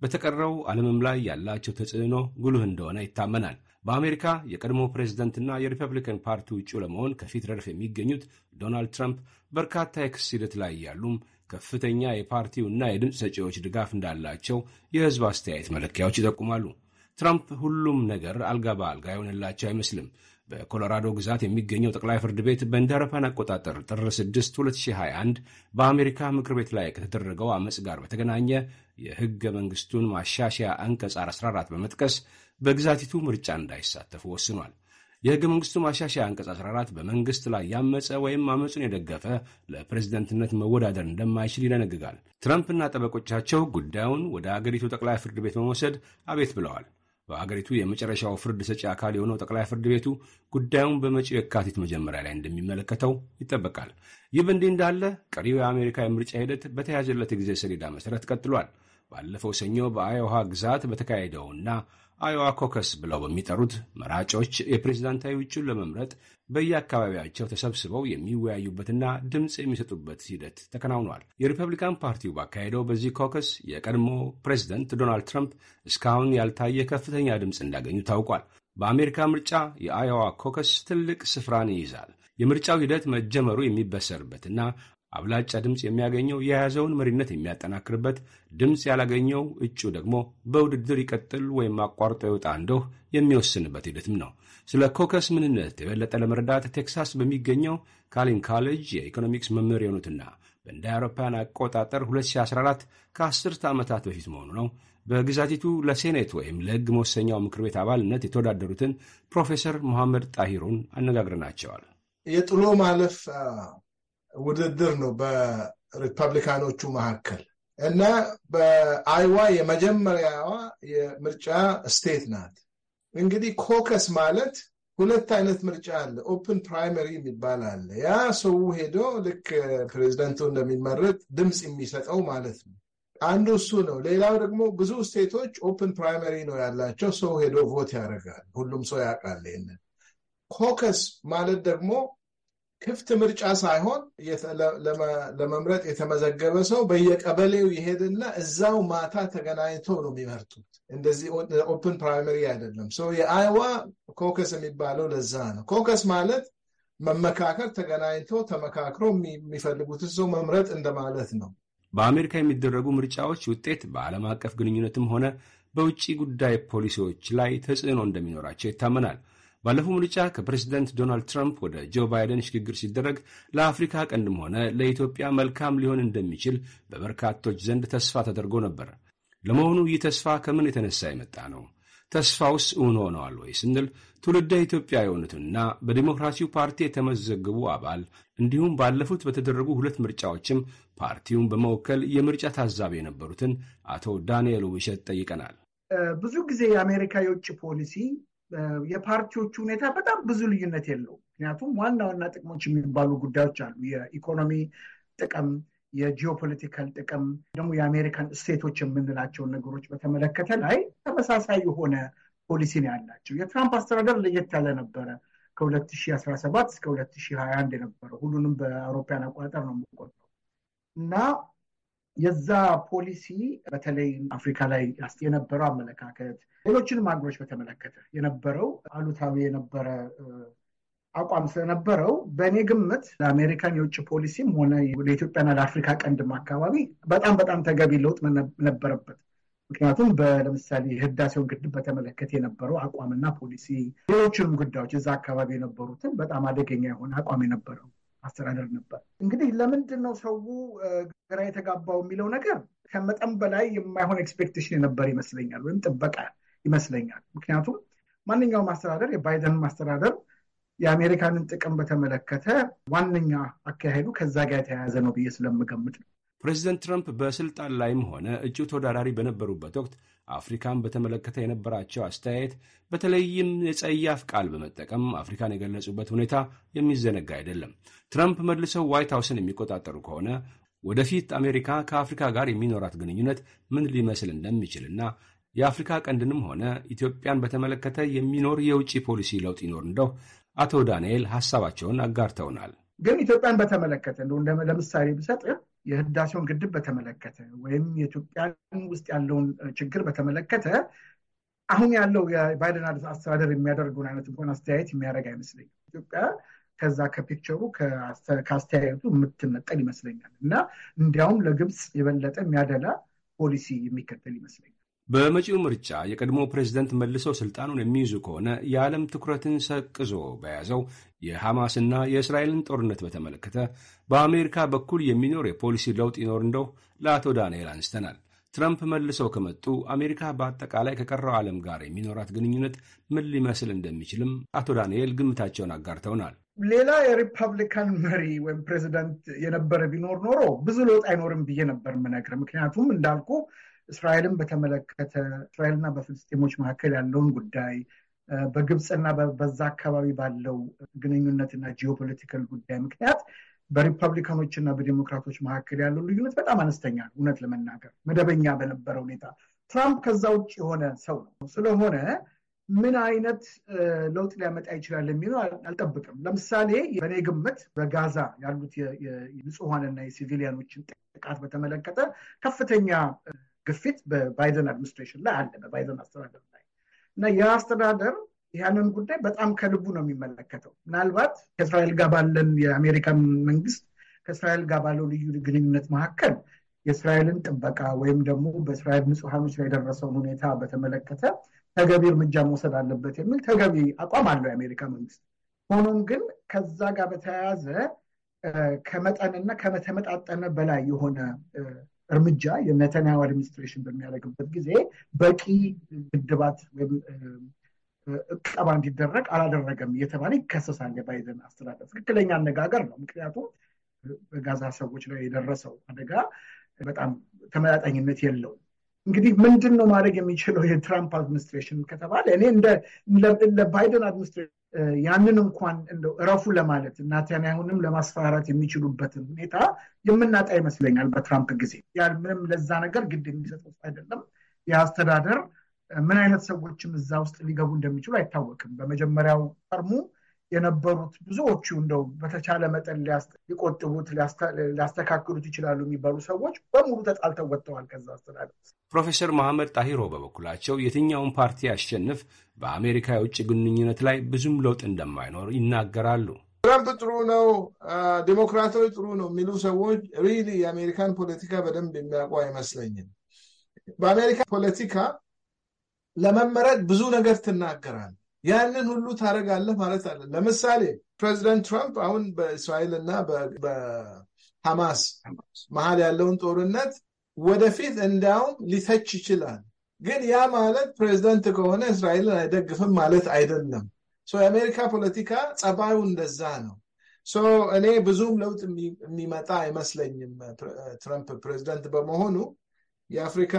በተቀረው ዓለምም ላይ ያላቸው ተጽዕኖ ጉልህ እንደሆነ ይታመናል። በአሜሪካ የቀድሞ ፕሬዝደንትና የሪፐብሊካን ፓርቲ እጩ ለመሆን ከፊት ረድፍ የሚገኙት ዶናልድ ትራምፕ በርካታ የክስ ሂደት ላይ ያሉም ከፍተኛ የፓርቲው እና የድምፅ ሰጪዎች ድጋፍ እንዳላቸው የህዝብ አስተያየት መለኪያዎች ይጠቁማሉ። ትራምፕ ሁሉም ነገር አልጋ በአልጋ የሆነላቸው አይመስልም። በኮሎራዶ ግዛት የሚገኘው ጠቅላይ ፍርድ ቤት እንደ አቆጣጠር ጥር 6 2021 በአሜሪካ ምክር ቤት ላይ ከተደረገው አመፅ ጋር በተገናኘ የህገ መንግስቱን ማሻሻያ አንቀጽ 14 በመጥቀስ በግዛቲቱ ምርጫ እንዳይሳተፉ ወስኗል። የህገ መንግስቱ ማሻሻያ አንቀጽ 14 በመንግስት ላይ ያመፀ ወይም አመፁን የደገፈ ለፕሬዝደንትነት መወዳደር እንደማይችል ይደነግጋል። ትራምፕና ጠበቆቻቸው ጉዳዩን ወደ አገሪቱ ጠቅላይ ፍርድ ቤት በመውሰድ አቤት ብለዋል። በአገሪቱ የመጨረሻው ፍርድ ሰጪ አካል የሆነው ጠቅላይ ፍርድ ቤቱ ጉዳዩን በመጪው የካቲት መጀመሪያ ላይ እንደሚመለከተው ይጠበቃል። ይህ በእንዲህ እንዳለ ቀሪው የአሜሪካ የምርጫ ሂደት በተያዘለት የጊዜ ሰሌዳ መሠረት ቀጥሏል። ባለፈው ሰኞ በአዮሃ ግዛት በተካሄደውና አዮዋ ኮከስ ብለው በሚጠሩት መራጮች የፕሬዝዳንታዊ እጩን ለመምረጥ በየአካባቢያቸው ተሰብስበው የሚወያዩበትና ድምፅ የሚሰጡበት ሂደት ተከናውኗል። የሪፐብሊካን ፓርቲው ባካሄደው በዚህ ኮከስ የቀድሞ ፕሬዝደንት ዶናልድ ትራምፕ እስካሁን ያልታየ ከፍተኛ ድምፅ እንዳገኙ ታውቋል። በአሜሪካ ምርጫ የአዮዋ ኮከስ ትልቅ ስፍራን ይይዛል። የምርጫው ሂደት መጀመሩ የሚበሰርበትና አብላጫ ድምፅ የሚያገኘው የያዘውን መሪነት የሚያጠናክርበት፣ ድምፅ ያላገኘው እጩ ደግሞ በውድድር ይቀጥል ወይም አቋርጦ ይወጣ እንደው የሚወስንበት ሂደትም ነው። ስለ ኮከስ ምንነት የበለጠ ለመረዳት ቴክሳስ በሚገኘው ካሊን ካሌጅ የኢኮኖሚክስ መምህር የሆኑትና በእንደ አውሮፓውያን አቆጣጠር 2014 ከአስርተ ዓመታት በፊት መሆኑ ነው በግዛቲቱ ለሴኔት ወይም ለሕግ መወሰኛው ምክር ቤት አባልነት የተወዳደሩትን ፕሮፌሰር መሐመድ ጣሂሩን አነጋግረናቸዋል። የጥሎ ማለፍ ውድድር ነው በሪፐብሊካኖቹ መካከል እና በአይዋ የመጀመሪያዋ የምርጫ ስቴት ናት። እንግዲህ ኮከስ ማለት ሁለት አይነት ምርጫ አለ። ኦፕን ፕራይመሪ የሚባል አለ። ያ ሰው ሄዶ ልክ ፕሬዚደንቱ እንደሚመረጥ ድምፅ የሚሰጠው ማለት ነው። አንዱ እሱ ነው። ሌላው ደግሞ ብዙ ስቴቶች ኦፕን ፕራይመሪ ነው ያላቸው። ሰው ሄዶ ቮት ያደርጋል። ሁሉም ሰው ያውቃል ይሄንን። ኮከስ ማለት ደግሞ ክፍት ምርጫ ሳይሆን ለመምረጥ የተመዘገበ ሰው በየቀበሌው ይሄድና እዛው ማታ ተገናኝተው ነው የሚመርጡት። እንደዚህ ኦፕን ፕራይመሪ አይደለም። ሰው የአይዋ ኮከስ የሚባለው ለዛ ነው። ኮከስ ማለት መመካከር፣ ተገናኝቶ ተመካክሮ የሚፈልጉትን ሰው መምረጥ እንደማለት ነው። በአሜሪካ የሚደረጉ ምርጫዎች ውጤት በዓለም አቀፍ ግንኙነትም ሆነ በውጭ ጉዳይ ፖሊሲዎች ላይ ተጽዕኖ እንደሚኖራቸው ይታመናል። ባለፈው ምርጫ ከፕሬዚደንት ዶናልድ ትራምፕ ወደ ጆ ባይደን ሽግግር ሲደረግ ለአፍሪካ ቀንድም ሆነ ለኢትዮጵያ መልካም ሊሆን እንደሚችል በበርካቶች ዘንድ ተስፋ ተደርጎ ነበር። ለመሆኑ ይህ ተስፋ ከምን የተነሳ የመጣ ነው? ተስፋውስ እውን ሆነዋል ወይ ስንል ትውልደ ኢትዮጵያ የሆኑትና በዲሞክራሲው ፓርቲ የተመዘገቡ አባል እንዲሁም ባለፉት በተደረጉ ሁለት ምርጫዎችም ፓርቲውን በመወከል የምርጫ ታዛቢ የነበሩትን አቶ ዳንኤል ውብሸት ጠይቀናል። ብዙ ጊዜ የአሜሪካ የውጭ ፖሊሲ የፓርቲዎቹ ሁኔታ በጣም ብዙ ልዩነት የለውም። ምክንያቱም ዋና ዋና ጥቅሞች የሚባሉ ጉዳዮች አሉ። የኢኮኖሚ ጥቅም፣ የጂኦፖለቲካል ጥቅም ደግሞ የአሜሪካን ስቴቶች የምንላቸውን ነገሮች በተመለከተ ላይ ተመሳሳይ የሆነ ፖሊሲ ነው ያላቸው። የትራምፕ አስተዳደር ለየት ያለ ነበረ። ከ2017 እስከ 2021 የነበረ ሁሉንም በአውሮፓያን አቆጣጠር ነው የምቆጠው እና የዛ ፖሊሲ በተለይ አፍሪካ ላይ የነበረው አመለካከት ሌሎችንም ሀገሮች በተመለከተ የነበረው አሉታዊ የነበረ አቋም ስለነበረው በእኔ ግምት ለአሜሪካን የውጭ ፖሊሲም ሆነ ለኢትዮጵያና ለአፍሪካ ቀንድም አካባቢ በጣም በጣም ተገቢ ለውጥ ነበረበት። ምክንያቱም ለምሳሌ ህዳሴውን ግድብ በተመለከተ የነበረው አቋምና ፖሊሲ፣ ሌሎችንም ጉዳዮች እዛ አካባቢ የነበሩትን በጣም አደገኛ የሆነ አቋም የነበረው አስተዳደር ነበር። እንግዲህ ለምንድን ነው ሰው ግራ የተጋባው የሚለው ነገር ከመጠን በላይ የማይሆን ኤክስፔክቴሽን የነበር ይመስለኛል፣ ወይም ጥበቃ ይመስለኛል። ምክንያቱም ማንኛውም አስተዳደር የባይደን አስተዳደር የአሜሪካንን ጥቅም በተመለከተ ዋነኛ አካሄዱ ከዛ ጋር የተያያዘ ነው ብዬ ስለምገምት ነው። ፕሬዚደንት ትራምፕ በስልጣን ላይም ሆነ እጩ ተወዳዳሪ በነበሩበት ወቅት አፍሪካን በተመለከተ የነበራቸው አስተያየት በተለይም የጸያፍ ቃል በመጠቀም አፍሪካን የገለጹበት ሁኔታ የሚዘነጋ አይደለም። ትራምፕ መልሰው ዋይት ሀውስን የሚቆጣጠሩ ከሆነ ወደፊት አሜሪካ ከአፍሪካ ጋር የሚኖራት ግንኙነት ምን ሊመስል እንደሚችልና የአፍሪካ ቀንድንም ሆነ ኢትዮጵያን በተመለከተ የሚኖር የውጭ ፖሊሲ ለውጥ ይኖር እንደው አቶ ዳንኤል ሀሳባቸውን አጋርተውናል። ግን ኢትዮጵያን በተመለከተ እንደ ለምሳሌ ብሰጥ የህዳሴውን ግድብ በተመለከተ ወይም የኢትዮጵያን ውስጥ ያለውን ችግር በተመለከተ አሁን ያለው የባይደን አስተዳደር የሚያደርገውን አይነት እንኳን አስተያየት የሚያደርግ አይመስለኝም። ኢትዮጵያ ከዛ ከፒክቸሩ ከአስተያየቱ የምትነጠል ይመስለኛል እና እንዲያውም ለግብፅ የበለጠ የሚያደላ ፖሊሲ የሚከተል ይመስለኛል። በመጪው ምርጫ የቀድሞ ፕሬዚደንት መልሰው ስልጣኑን የሚይዙ ከሆነ የዓለም ትኩረትን ሰቅዞ በያዘው የሐማስና የእስራኤልን ጦርነት በተመለከተ በአሜሪካ በኩል የሚኖር የፖሊሲ ለውጥ ይኖር እንደው ለአቶ ዳንኤል አንስተናል። ትረምፕ መልሰው ከመጡ አሜሪካ በአጠቃላይ ከቀረው ዓለም ጋር የሚኖራት ግንኙነት ምን ሊመስል እንደሚችልም አቶ ዳንኤል ግምታቸውን አጋርተውናል። ሌላ የሪፐብሊካን መሪ ወይም ፕሬዚደንት የነበረ ቢኖር ኖሮ ብዙ ለውጥ አይኖርም ብዬ ነበር ምነግር። ምክንያቱም እንዳልኩ እስራኤልን በተመለከተ እስራኤልና በፍልስጤሞች መካከል ያለውን ጉዳይ በግብፅና በዛ አካባቢ ባለው ግንኙነትና ጂኦፖለቲካል ጉዳይ ምክንያት በሪፐብሊካኖች እና በዲሞክራቶች መካከል ያለው ልዩነት በጣም አነስተኛ ነው። እውነት ለመናገር መደበኛ በነበረ ሁኔታ ትራምፕ ከዛ ውጭ የሆነ ሰው ነው። ስለሆነ ምን አይነት ለውጥ ሊያመጣ ይችላል የሚለው አልጠብቅም። ለምሳሌ በእኔ ግምት በጋዛ ያሉት የንጹሐንና የሲቪሊያኖችን ጥቃት በተመለከተ ከፍተኛ ግፊት በባይደን አድሚኒስትሬሽን ላይ አለ፣ በባይደን አስተዳደር እና ይህ አስተዳደር ያንን ጉዳይ በጣም ከልቡ ነው የሚመለከተው። ምናልባት ከእስራኤል ጋር ባለን የአሜሪካ መንግስት ከእስራኤል ጋር ባለው ልዩ ግንኙነት መካከል የእስራኤልን ጥበቃ ወይም ደግሞ በእስራኤል ንጹሐኖች ላይ የደረሰውን ሁኔታ በተመለከተ ተገቢ እርምጃ መውሰድ አለበት የሚል ተገቢ አቋም አለው የአሜሪካ መንግስት። ሆኖም ግን ከዛ ጋር በተያያዘ ከመጠንና ከተመጣጠነ በላይ የሆነ እርምጃ የነተንያሁ አድሚኒስትሬሽን በሚያደርግበት ጊዜ በቂ ግድባት ወይም እቀባ እንዲደረግ አላደረገም እየተባለ ይከሰሳል። የባይደን አስተዳደር ትክክለኛ አነጋገር ነው። ምክንያቱም በጋዛ ሰዎች ላይ የደረሰው አደጋ በጣም ተመጣጣኝነት የለውም። እንግዲህ ምንድን ነው ማድረግ የሚችለው የትራምፕ አድሚኒስትሬሽን ከተባለ እኔ ለባይደን አድሚኒስትሬሽን ያንን እንኳን እረፉ ለማለት እና ኔታንያሁንም ለማስፈራራት የሚችሉበትን ሁኔታ የምናጣ ይመስለኛል። በትራምፕ ጊዜ ምንም ለዛ ነገር ግድ የሚሰጠው አይደለም። የአስተዳደር ምን አይነት ሰዎችም እዛ ውስጥ ሊገቡ እንደሚችሉ አይታወቅም። በመጀመሪያው ተርሙ የነበሩት ብዙዎቹ እንደው በተቻለ መጠን ሊቆጥቡት ሊያስተካክሉት ይችላሉ የሚባሉ ሰዎች በሙሉ ተጣልተው ወጥተዋል ከዛ አስተዳደር። ፕሮፌሰር መሐመድ ጣሂሮ በበኩላቸው የትኛውን ፓርቲ ያሸንፍ በአሜሪካ የውጭ ግንኙነት ላይ ብዙም ለውጥ እንደማይኖር ይናገራሉ። ትራምፕ ጥሩ ነው፣ ዴሞክራቶች ጥሩ ነው የሚሉ ሰዎች ሪሊ የአሜሪካን ፖለቲካ በደንብ የሚያውቁ አይመስለኝም። በአሜሪካ ፖለቲካ ለመመረጥ ብዙ ነገር ትናገራል ያንን ሁሉ ታደርጋለህ ማለት አለ። ለምሳሌ ፕሬዚደንት ትራምፕ አሁን በእስራኤል እና በሐማስ መሀል ያለውን ጦርነት ወደፊት እንዲያውም ሊተች ይችላል። ግን ያ ማለት ፕሬዚደንት ከሆነ እስራኤልን አይደግፍም ማለት አይደለም። የአሜሪካ ፖለቲካ ጸባዩ እንደዛ ነው። እኔ ብዙም ለውጥ የሚመጣ አይመስለኝም ትራምፕ ፕሬዚደንት በመሆኑ የአፍሪካ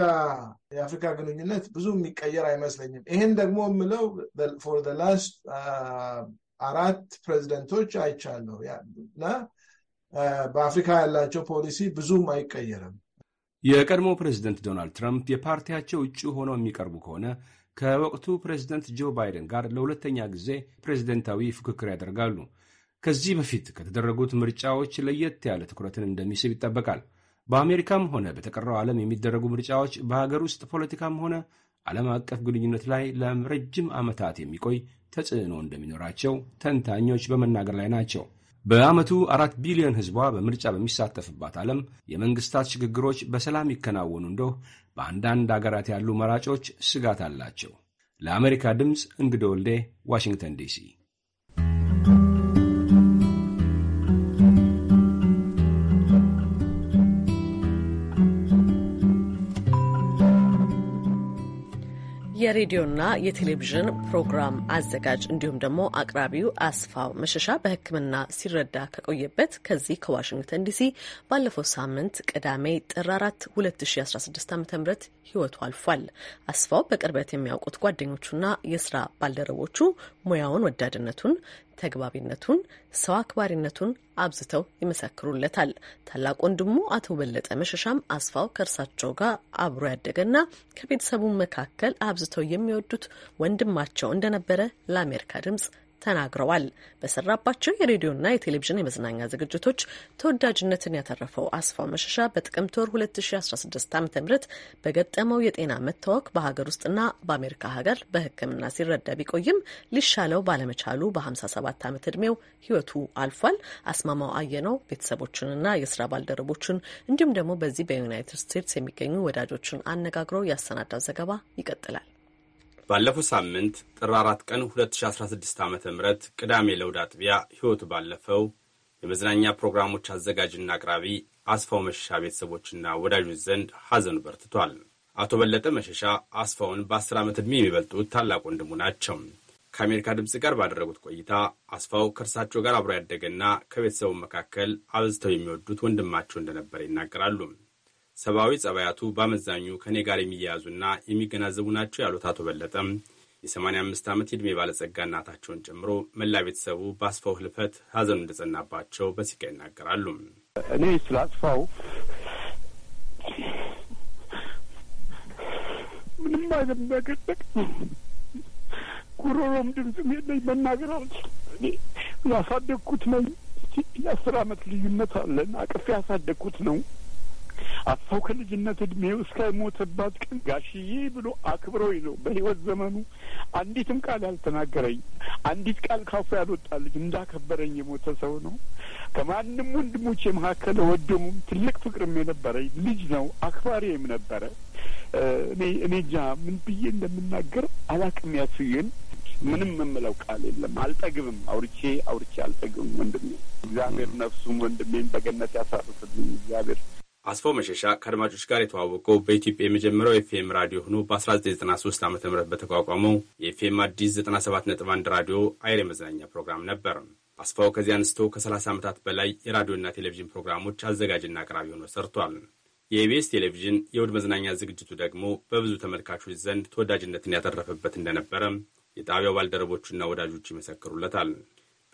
የአፍሪካ ግንኙነት ብዙ የሚቀየር አይመስለኝም። ይሄን ደግሞ የምለው ፎር ላስት uh, አራት ፕሬዚደንቶች አይቻለሁ እና uh, በአፍሪካ ያላቸው ፖሊሲ ብዙም አይቀየርም። የቀድሞ ፕሬዚደንት ዶናልድ ትራምፕ የፓርቲያቸው እጩ ሆነው የሚቀርቡ ከሆነ ከወቅቱ ፕሬዚደንት ጆ ባይደን ጋር ለሁለተኛ ጊዜ ፕሬዚደንታዊ ፉክክር ያደርጋሉ። ከዚህ በፊት ከተደረጉት ምርጫዎች ለየት ያለ ትኩረትን እንደሚስብ ይጠበቃል። በአሜሪካም ሆነ በተቀረው ዓለም የሚደረጉ ምርጫዎች በሀገር ውስጥ ፖለቲካም ሆነ ዓለም አቀፍ ግንኙነት ላይ ለረጅም ዓመታት የሚቆይ ተጽዕኖ እንደሚኖራቸው ተንታኞች በመናገር ላይ ናቸው። በዓመቱ አራት ቢሊዮን ሕዝቧ በምርጫ በሚሳተፍባት ዓለም የመንግስታት ሽግግሮች በሰላም ይከናወኑ እንደው በአንዳንድ አገራት ያሉ መራጮች ስጋት አላቸው። ለአሜሪካ ድምፅ እንግዶ ወልዴ ዋሽንግተን ዲሲ የሬዲዮና የቴሌቪዥን ፕሮግራም አዘጋጅ እንዲሁም ደግሞ አቅራቢው አስፋው መሸሻ በሕክምና ሲረዳ ከቆየበት ከዚህ ከዋሽንግተን ዲሲ ባለፈው ሳምንት ቅዳሜ ጥር 4 2016 ዓ ም ህይወቱ አልፏል። አስፋው በቅርበት የሚያውቁት ጓደኞቹና የስራ ባልደረቦቹ ሙያውን ወዳድነቱን ተግባቢነቱን፣ ሰው አክባሪነቱን አብዝተው ይመሰክሩለታል። ታላቅ ወንድሙ አቶ በለጠ መሸሻም አስፋው ከእርሳቸው ጋር አብሮ ያደገና ከቤተሰቡ መካከል አብዝተው የሚወዱት ወንድማቸው እንደነበረ ለአሜሪካ ድምጽ ተናግረዋል። በሰራባቸው የሬዲዮና የቴሌቪዥን የመዝናኛ ዝግጅቶች ተወዳጅነትን ያተረፈው አስፋው መሸሻ በጥቅምት ወር 2016 ዓ ም በገጠመው የጤና መታወክ በሀገር ውስጥና በአሜሪካ ሀገር በሕክምና ሲረዳ ቢቆይም ሊሻለው ባለመቻሉ በ57 ዓመት ዕድሜው ህይወቱ አልፏል። አስማማው አየነው ቤተሰቦቹንና የስራ ባልደረቦቹን እንዲሁም ደግሞ በዚህ በዩናይትድ ስቴትስ የሚገኙ ወዳጆቹን አነጋግሮ ያሰናዳው ዘገባ ይቀጥላል። ባለፈው ሳምንት ጥር 4 ቀን 2016 ዓ ም ቅዳሜ ለውድ አጥቢያ ሕይወቱ ባለፈው የመዝናኛ ፕሮግራሞች አዘጋጅና አቅራቢ አስፋው መሸሻ ቤተሰቦችና ወዳጆች ዘንድ ሐዘኑ በርትቷል። አቶ በለጠ መሸሻ አስፋውን በ10 ዓመት ዕድሜ የሚበልጡት ታላቅ ወንድሙ ናቸው። ከአሜሪካ ድምፅ ጋር ባደረጉት ቆይታ አስፋው ከእርሳቸው ጋር አብሮ ያደገና ከቤተሰቡ መካከል አብዝተው የሚወዱት ወንድማቸው እንደነበረ ይናገራሉ። ሰብአዊ ጸባያቱ በአመዛኙ ከእኔ ጋር የሚያያዙና የሚገናዘቡ ናቸው ያሉት አቶ በለጠም የ85 ዓመት የዕድሜ ባለጸጋ እናታቸውን ጨምሮ መላ ቤተሰቡ በአስፋው ህልፈት ሀዘኑ እንደጸናባቸው በሲቃ ይናገራሉ። እኔ ስለ አስፋው ምንም አይነት ነገር ጉሮሮም ድምፅም የለኝ መናገር አልችልም። ያሳደግኩት ነኝ። የአስር አመት ልዩነት አለን። አቅፌ ያሳደግኩት ነው አቶ ከልጅነት እድሜው እስከሞተባት ቀን ጋሽዬ ብሎ አክብሮኝ ነው በህይወት ዘመኑ አንዲትም ቃል ያልተናገረኝ አንዲት ቃል ካፉ ያልወጣ ልጅ እንዳከበረኝ የሞተ ሰው ነው። ከማንም ወንድሞቼ መካከል ወደሙ ትልቅ ፍቅርም የነበረኝ ልጅ ነው። አክባሪም ነበረ። እኔ እኔ እንጃ ምን ብዬ እንደምናገር አላቅም። ያስዩን ምንም የምለው ቃል የለም። አልጠግብም። አውርቼ አውርቼ አልጠግብም። ወንድሜ እግዚአብሔር ነፍሱም ወንድሜም በገነት ያሳርፍልኝ እግዚአብሔር አስፋው መሸሻ ከአድማጮች ጋር የተዋወቀው በኢትዮጵያ የመጀመሪያው ኤፍኤም ራዲዮ ሆኖ በ1993 ዓ ም በተቋቋመው የኤፍኤም አዲስ 97.1 ራዲዮ አየር የመዝናኛ ፕሮግራም ነበር። አስፋው ከዚህ አንስቶ ከ30 ዓመታት በላይ የራዲዮና ቴሌቪዥን ፕሮግራሞች አዘጋጅና አቅራቢ ሆኖ ሰርቷል። የኢቢኤስ ቴሌቪዥን የእሁድ መዝናኛ ዝግጅቱ ደግሞ በብዙ ተመልካቾች ዘንድ ተወዳጅነትን ያተረፈበት እንደነበረ የጣቢያው ባልደረቦቹና ወዳጆች ይመሰክሩለታል።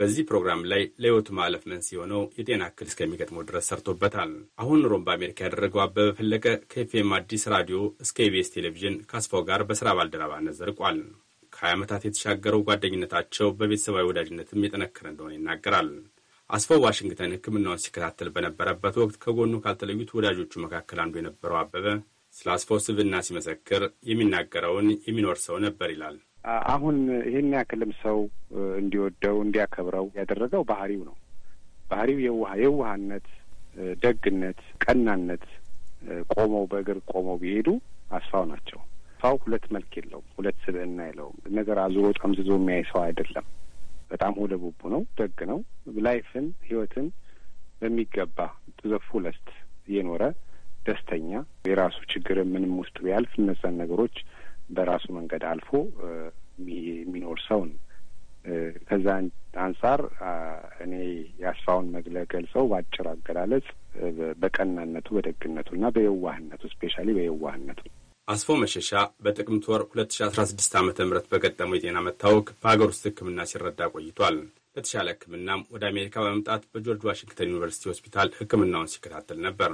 በዚህ ፕሮግራም ላይ ለህይወቱ ማለፍ መንስኤ የሆነው የጤና እክል እስከሚገጥመው ድረስ ሰርቶበታል። አሁን ሮም በአሜሪካ ያደረገው አበበ ፈለቀ ከኤፍኤም አዲስ ራዲዮ እስከ ኢቢኤስ ቴሌቪዥን ከአስፋው ጋር በስራ ባልደረባነት ዘርቋል። ከሀያ ዓመታት የተሻገረው ጓደኝነታቸው በቤተሰባዊ ወዳጅነትም የጠነከረ እንደሆነ ይናገራል። አስፋው ዋሽንግተን ሕክምናውን ሲከታተል በነበረበት ወቅት ከጎኑ ካልተለዩት ወዳጆቹ መካከል አንዱ የነበረው አበበ ስለ አስፋው ስብዕና ሲመሰክር የሚናገረውን የሚኖር ሰው ነበር ይላል። አሁን ይህን ያክልም ሰው እንዲወደው እንዲያከብረው ያደረገው ባህሪው ነው። ባህሪው የውሃ የውሃነት፣ ደግነት፣ ቀናነት ቆመው በእግር ቆመው ቢሄዱ አስፋው ናቸው። አስፋው ሁለት መልክ የለውም፣ ሁለት ስብዕና የለውም። ነገር አዙሮ ጠምዝዞ የሚያይ ሰው አይደለም። በጣም ሁለ ቡቡ ነው፣ ደግ ነው። ላይፍን ህይወትን በሚገባ ጥዘፉ ለስት እየኖረ ደስተኛ የራሱ ችግር ምንም ውስጥ ቢያልፍ እነዛን ነገሮች በራሱ መንገድ አልፎ የሚኖር ሰው ነው። ከዛ አንጻር እኔ የአስፋውን መግለ ገልጸው በአጭር አገላለጽ በቀናነቱ በደግነቱና በየዋህነቱ ስፔሻሊ በየዋህነቱ አስፋው መሸሻ በጥቅምት ወር 2016 ዓ ም በገጠመው የጤና መታወክ በሀገር ውስጥ ሕክምና ሲረዳ ቆይቷል። ለተሻለ ሕክምናም ወደ አሜሪካ በመምጣት በጆርጅ ዋሽንግተን ዩኒቨርሲቲ ሆስፒታል ሕክምናውን ሲከታተል ነበር።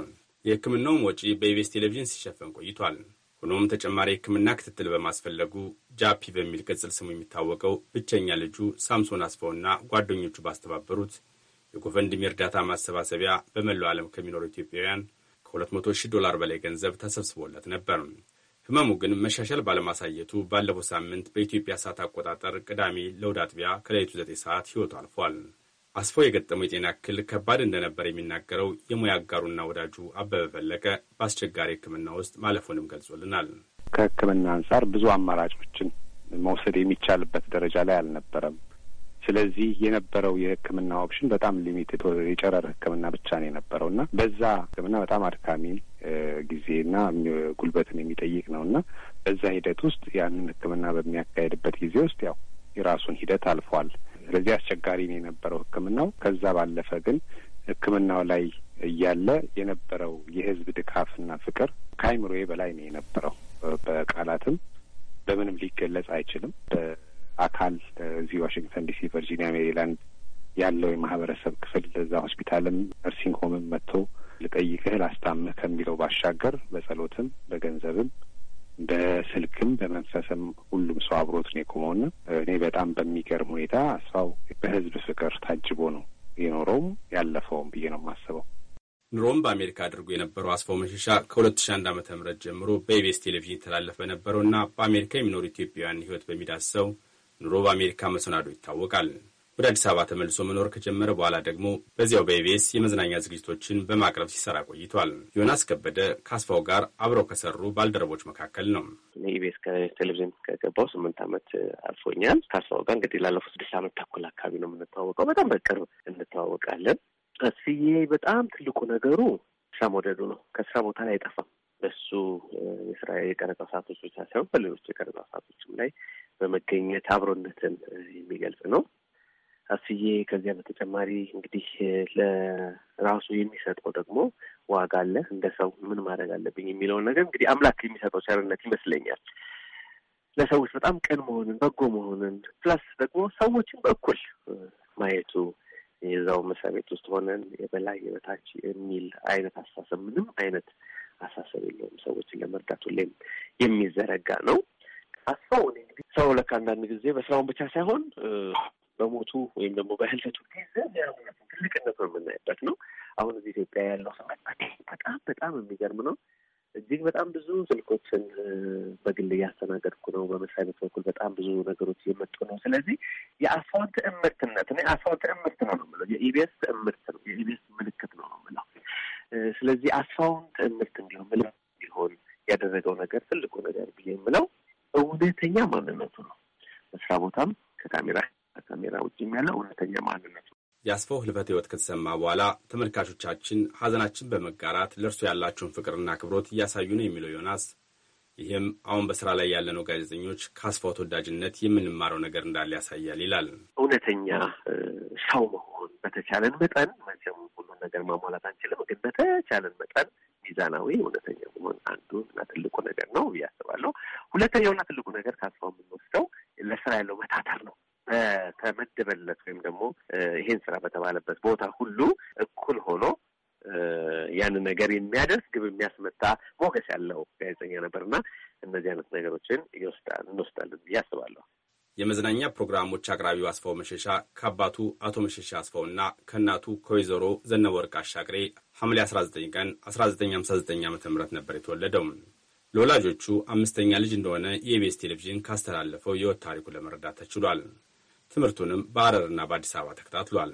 የህክምናውም ወጪ በኢቤስ ቴሌቪዥን ሲሸፈን ቆይቷል። ሆኖም ተጨማሪ ሕክምና ክትትል በማስፈለጉ ጃፒ በሚል ቅጽል ስሙ የሚታወቀው ብቸኛ ልጁ ሳምሶን አስፋውና ጓደኞቹ ባስተባበሩት የጎፈንድሚ እርዳታ ማሰባሰቢያ በመላው ዓለም ከሚኖሩ ኢትዮጵያውያን ከ200 ሺህ ዶላር በላይ ገንዘብ ተሰብስቦለት ነበር። ህመሙ ግን መሻሻል ባለማሳየቱ ባለፈው ሳምንት በኢትዮጵያ ሰዓት አቆጣጠር ቅዳሜ ለውድ አጥቢያ ከሌሊቱ 9 ሰዓት ሕይወቱ አልፏል። አስፋው የገጠመው የጤና እክል ከባድ እንደነበር የሚናገረው የሙያ አጋሩና ወዳጁ አበበ ፈለቀ በአስቸጋሪ ሕክምና ውስጥ ማለፉንም ገልጾልናል። ከሕክምና አንጻር ብዙ አማራጮችን መውሰድ የሚቻልበት ደረጃ ላይ አልነበረም። ስለዚህ የነበረው የሕክምና ኦፕሽን በጣም ሊሚትድ የጨረር ሕክምና ብቻ ነው የነበረው እና በዛ ሕክምና በጣም አድካሚ ጊዜና ጉልበትን የሚጠይቅ ነው እና በዛ ሂደት ውስጥ ያንን ሕክምና በሚያካሄድበት ጊዜ ውስጥ ያው የራሱን ሂደት አልፏል። ስለዚህ አስቸጋሪ ነው የነበረው ህክምናው ከዛ ባለፈ ግን ህክምናው ላይ እያለ የነበረው የህዝብ ድጋፍና ፍቅር ከአይምሮዬ በላይ ነው የነበረው። በቃላትም በምንም ሊገለጽ አይችልም። በአካል እዚህ ዋሽንግተን ዲሲ፣ ቨርጂኒያ፣ ሜሪላንድ ያለው የማህበረሰብ ክፍል እዛ ሆስፒታልም ነርሲንግ ሆምም መጥቶ ልጠይቅህ ላስታምህ ከሚለው ባሻገር በጸሎትም በገንዘብም በስልክም በመንፈስም ሁሉም ሰው አብሮት ነው የቆመውና እኔ በጣም በሚገርም ሁኔታ ሰው በህዝብ ፍቅር ታጅቦ ነው የኖረውም ያለፈውም ብዬ ነው የማስበው። ኑሮም በአሜሪካ አድርጎ የነበረው አስፋው መሸሻ ከ2001 ዓ ም ጀምሮ በኢቤስ ቴሌቪዥን የተላለፈ ነበረውና በአሜሪካ የሚኖሩ ኢትዮጵያውያን ህይወት በሚዳሰው ኑሮ በአሜሪካ መሰናዶ ይታወቃል። ወደ አዲስ አበባ ተመልሶ መኖር ከጀመረ በኋላ ደግሞ በዚያው በኢቢኤስ የመዝናኛ ዝግጅቶችን በማቅረብ ሲሰራ ቆይቷል። ዮናስ ከበደ ከአስፋው ጋር አብረው ከሰሩ ባልደረቦች መካከል ነው። ኢቢኤስ ከቴሌቪዥን ከገባው ስምንት ዓመት አልፎኛል። ከአስፋው ጋር እንግዲህ ላለፉት ስድስት ዓመት ተኩል አካባቢ ነው የምንተዋወቀው። በጣም በቅርብ እንተዋወቃለን። እስዬ በጣም ትልቁ ነገሩ ስራ መውደዱ ነው። ከስራ ቦታ ላይ አይጠፋም። በሱ የስራ የቀረጻ ሰዓቶች ብቻ ሳይሆን በሌሎች የቀረጻ ሰዓቶችም ላይ በመገኘት አብሮነትን የሚገልጽ ነው። አስዬ ከዚያ በተጨማሪ እንግዲህ ለራሱ የሚሰጠው ደግሞ ዋጋ አለ። እንደ ሰው ምን ማድረግ አለብኝ የሚለውን ነገር እንግዲህ አምላክ የሚሰጠው ቸርነት ይመስለኛል። ለሰዎች በጣም ቅን መሆንን፣ በጎ መሆንን ፕላስ ደግሞ ሰዎችን በኩል ማየቱ የዛው መስሪያ ቤት ውስጥ ሆነን የበላይ የበታች የሚል አይነት አስተሳሰብ ምንም አይነት አሳሰብ የለውም። ሰዎችን ለመርዳት ሁሌም የሚዘረጋ ነው። አስፋው እንግዲህ ሰው ለካ አንዳንድ ጊዜ በስራውን ብቻ ሳይሆን በሞቱ ወይም ደግሞ በህልፈቱ ጊዜ ትልቅነቱ የምናይበት ነው። አሁን እዚህ ኢትዮጵያ ያለው ስሜት በጣም በጣም የሚገርም ነው። እጅግ በጣም ብዙ ስልኮችን በግል እያስተናገድኩ ነው። በመስሪያ ቤት በኩል በጣም ብዙ ነገሮች እየመጡ ነው። ስለዚህ የአስፋልት እምርትነት እ አስፋልት እምርት ነው ነው የምለው የኢቢኤስ እምርት ነው የኢቢኤስ ምልክት ነው ነው ምለው ስለዚህ አስፋልት እምርት እንዲሆን ምል እንዲሆን ያደረገው ነገር ትልቁ ነገር ብዬ የምለው እውነተኛ ማንነቱ ነው። መስሪያ ቦታም ከካሜራ ከካሜራ ውጭም ያለው እውነተኛ ማንነቱ። የአስፋው ህልፈት ህይወት ከተሰማ በኋላ ተመልካቾቻችን ሀዘናችን በመጋራት ለእርሱ ያላቸውን ፍቅርና አክብሮት እያሳዩ ነው የሚለው ዮናስ፣ ይህም አሁን በስራ ላይ ያለነው ጋዜጠኞች ከአስፋው ተወዳጅነት የምንማረው ነገር እንዳለ ያሳያል ይላል። እውነተኛ ሰው መሆን በተቻለን መጠን መቼም ሁሉ ነገር ማሟላት አንችልም፣ ግን በተቻለን መጠን ሚዛናዊ እውነተኛ መሆን አንዱና ትልቁ ነገር ነው ብዬ አስባለሁ። ሁለተኛውና ትልቁ ነገር ከአስፋው የምንወስደው ለስራ ያለው መታተር ነው። በተመደበለት ወይም ደግሞ ይሄን ስራ በተባለበት ቦታ ሁሉ እኩል ሆኖ ያንን ነገር የሚያደርስ ግብ የሚያስመታ ሞገስ ያለው ጋዜጠኛ ነበርና እነዚህ አይነት ነገሮችን እንወስዳለን ብዬ አስባለሁ። የመዝናኛ ፕሮግራሞች አቅራቢው አስፋው መሸሻ ከአባቱ አቶ መሸሻ አስፋውና ከእናቱ ከወይዘሮ ዘነበወርቅ አሻግሬ ሐምሌ 19 ቀን 1959 ዓ ም ነበር የተወለደው። ለወላጆቹ አምስተኛ ልጅ እንደሆነ የኢቢኤስ ቴሌቪዥን ካስተላለፈው የወት ታሪኩ ለመረዳት ተችሏል። ትምህርቱንም በሐረርና በአዲስ አበባ ተከታትሏል።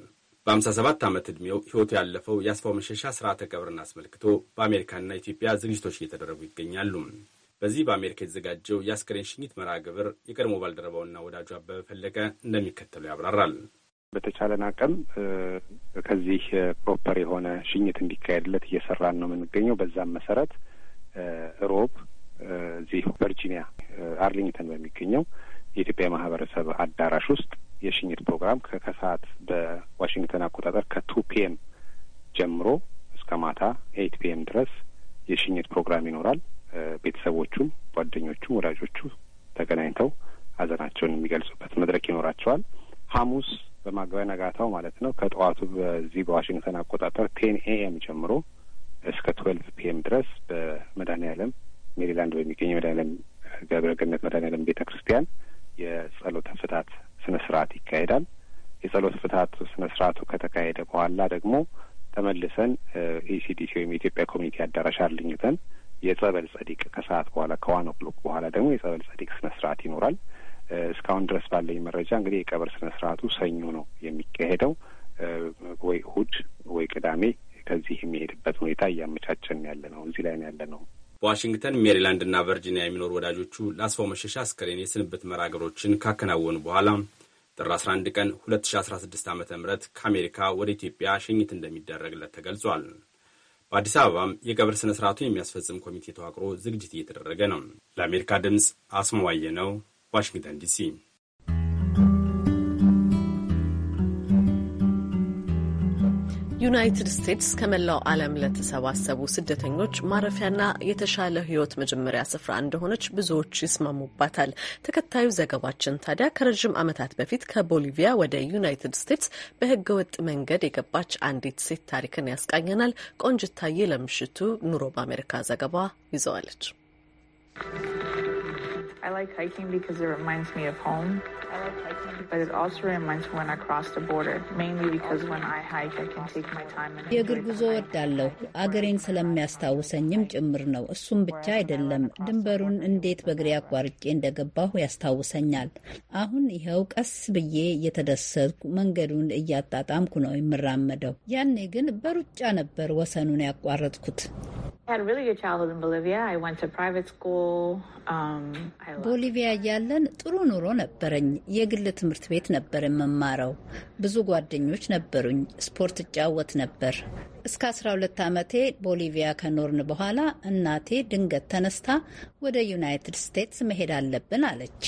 በ57 ዓመት ዕድሜው ሕይወቱ ያለፈው የአስፋው መሸሻ ስርዓተ ቀብርን አስመልክቶ በአሜሪካና ኢትዮጵያ ዝግጅቶች እየተደረጉ ይገኛሉ። በዚህ በአሜሪካ የተዘጋጀው የአስክሬን ሽኝት መርሃ ግብር የቀድሞ ባልደረባውና ወዳጁ አበበ ፈለቀ እንደሚከተለው ያብራራል። በተቻለን አቅም ከዚህ ፕሮፐር የሆነ ሽኝት እንዲካሄድለት እየሰራን ነው የምንገኘው። በዛም መሰረት ሮብ እዚህ ቨርጂኒያ አርሊንግተን በሚገኘው የኢትዮጵያ ማህበረሰብ አዳራሽ ውስጥ የሽኝት ፕሮግራም ከከሰዓት በዋሽንግተን አቆጣጠር ከቱ ፒኤም ጀምሮ እስከ ማታ ኤይት ፒኤም ድረስ የሽኝት ፕሮግራም ይኖራል። ቤተሰቦቹም፣ ጓደኞቹም ወዳጆቹ ተገናኝተው ሀዘናቸውን የሚገልጹበት መድረክ ይኖራቸዋል። ሐሙስ በማግቢያ ነጋታው ማለት ነው ከጠዋቱ በዚህ በዋሽንግተን አቆጣጠር ቴን ኤኤም ጀምሮ እስከ ትዌልቭ ፒኤም ድረስ በመድኃኔዓለም ሜሪላንድ በሚገኘው መድኃኔዓለም ገብረ ገነት መድኃኔዓለም ቤተ ክርስቲያን የጸሎተ ፍታት ስነ ስርዓት ይካሄዳል። የጸሎት ፍትሀት ስነ ስርዓቱ ከተካሄደ በኋላ ደግሞ ተመልሰን ኢሲዲሲ ወይም የኢትዮጵያ ኮሚኒቲ አዳራሽ አልኝተን የጸበል ጸዲቅ ከሰዓት በኋላ ከዋን ኦክሎክ በኋላ ደግሞ የጸበል ጸዲቅ ስነ ስርዓት ይኖራል። እስካሁን ድረስ ባለኝ መረጃ እንግዲህ የቀብር ስነ ስርዓቱ ሰኞ ነው የሚካሄደው ወይ እሁድ ወይ ቅዳሜ ከዚህ የሚሄድበት ሁኔታ እያመቻቸን ያለ ነው። እዚህ ላይ ነው ያለ ነው። በዋሽንግተን እና ቨርጂኒያ የሚኖሩ ወዳጆቹ ለአስፋው መሸሻ አስከሬን የስንብት መራገሮችን ካከናወኑ በኋላ ጥር 11 ቀን 2016 ዓ ም ከአሜሪካ ወደ ኢትዮጵያ ሽኝት እንደሚደረግለት ተገልጿል። በአዲስ አበባም የቀብር ስነ ስርዓቱ የሚያስፈጽም ኮሚቴ ተዋቅሮ ዝግጅት እየተደረገ ነው። ለአሜሪካ ድምፅ አስመዋየ ነው፣ ዋሽንግተን ዲሲ ዩናይትድ ስቴትስ ከመላው ዓለም ለተሰባሰቡ ስደተኞች ማረፊያና የተሻለ ሕይወት መጀመሪያ ስፍራ እንደሆነች ብዙዎች ይስማሙባታል። ተከታዩ ዘገባችን ታዲያ ከረዥም ዓመታት በፊት ከቦሊቪያ ወደ ዩናይትድ ስቴትስ በሕገወጥ መንገድ የገባች አንዲት ሴት ታሪክን ያስቃኘናል። ቆንጅታዬ ለምሽቱ ኑሮ በአሜሪካ ዘገባ ይዘዋለች። I like hiking because it reminds me of home. I like hiking, but it also reminds me when I cross the border, mainly because when I hike, I can take my time. And የእግር ጉዞ ወዳለሁ አገሬን ስለሚያስታውሰኝም ጭምር ነው። እሱም ብቻ አይደለም፣ ድንበሩን እንዴት በእግሬ አቋርጬ እንደገባሁ ያስታውሰኛል። አሁን ይኸው ቀስ ብዬ እየተደሰትኩ መንገዱን እያጣጣምኩ ነው የምራመደው። ያኔ ግን በሩጫ ነበር ወሰኑን ያቋረጥኩት። ቦሊቪያ ያለን ጥሩ ኑሮ ነበረኝ። የግል ትምህርት ቤት ነበር የምማረው። ብዙ ጓደኞች ነበሩኝ። ስፖርት እጫወት ነበር። እስከ 12 ዓመቴ ቦሊቪያ ከኖርን በኋላ እናቴ ድንገት ተነስታ ወደ ዩናይትድ ስቴትስ መሄድ አለብን አለች።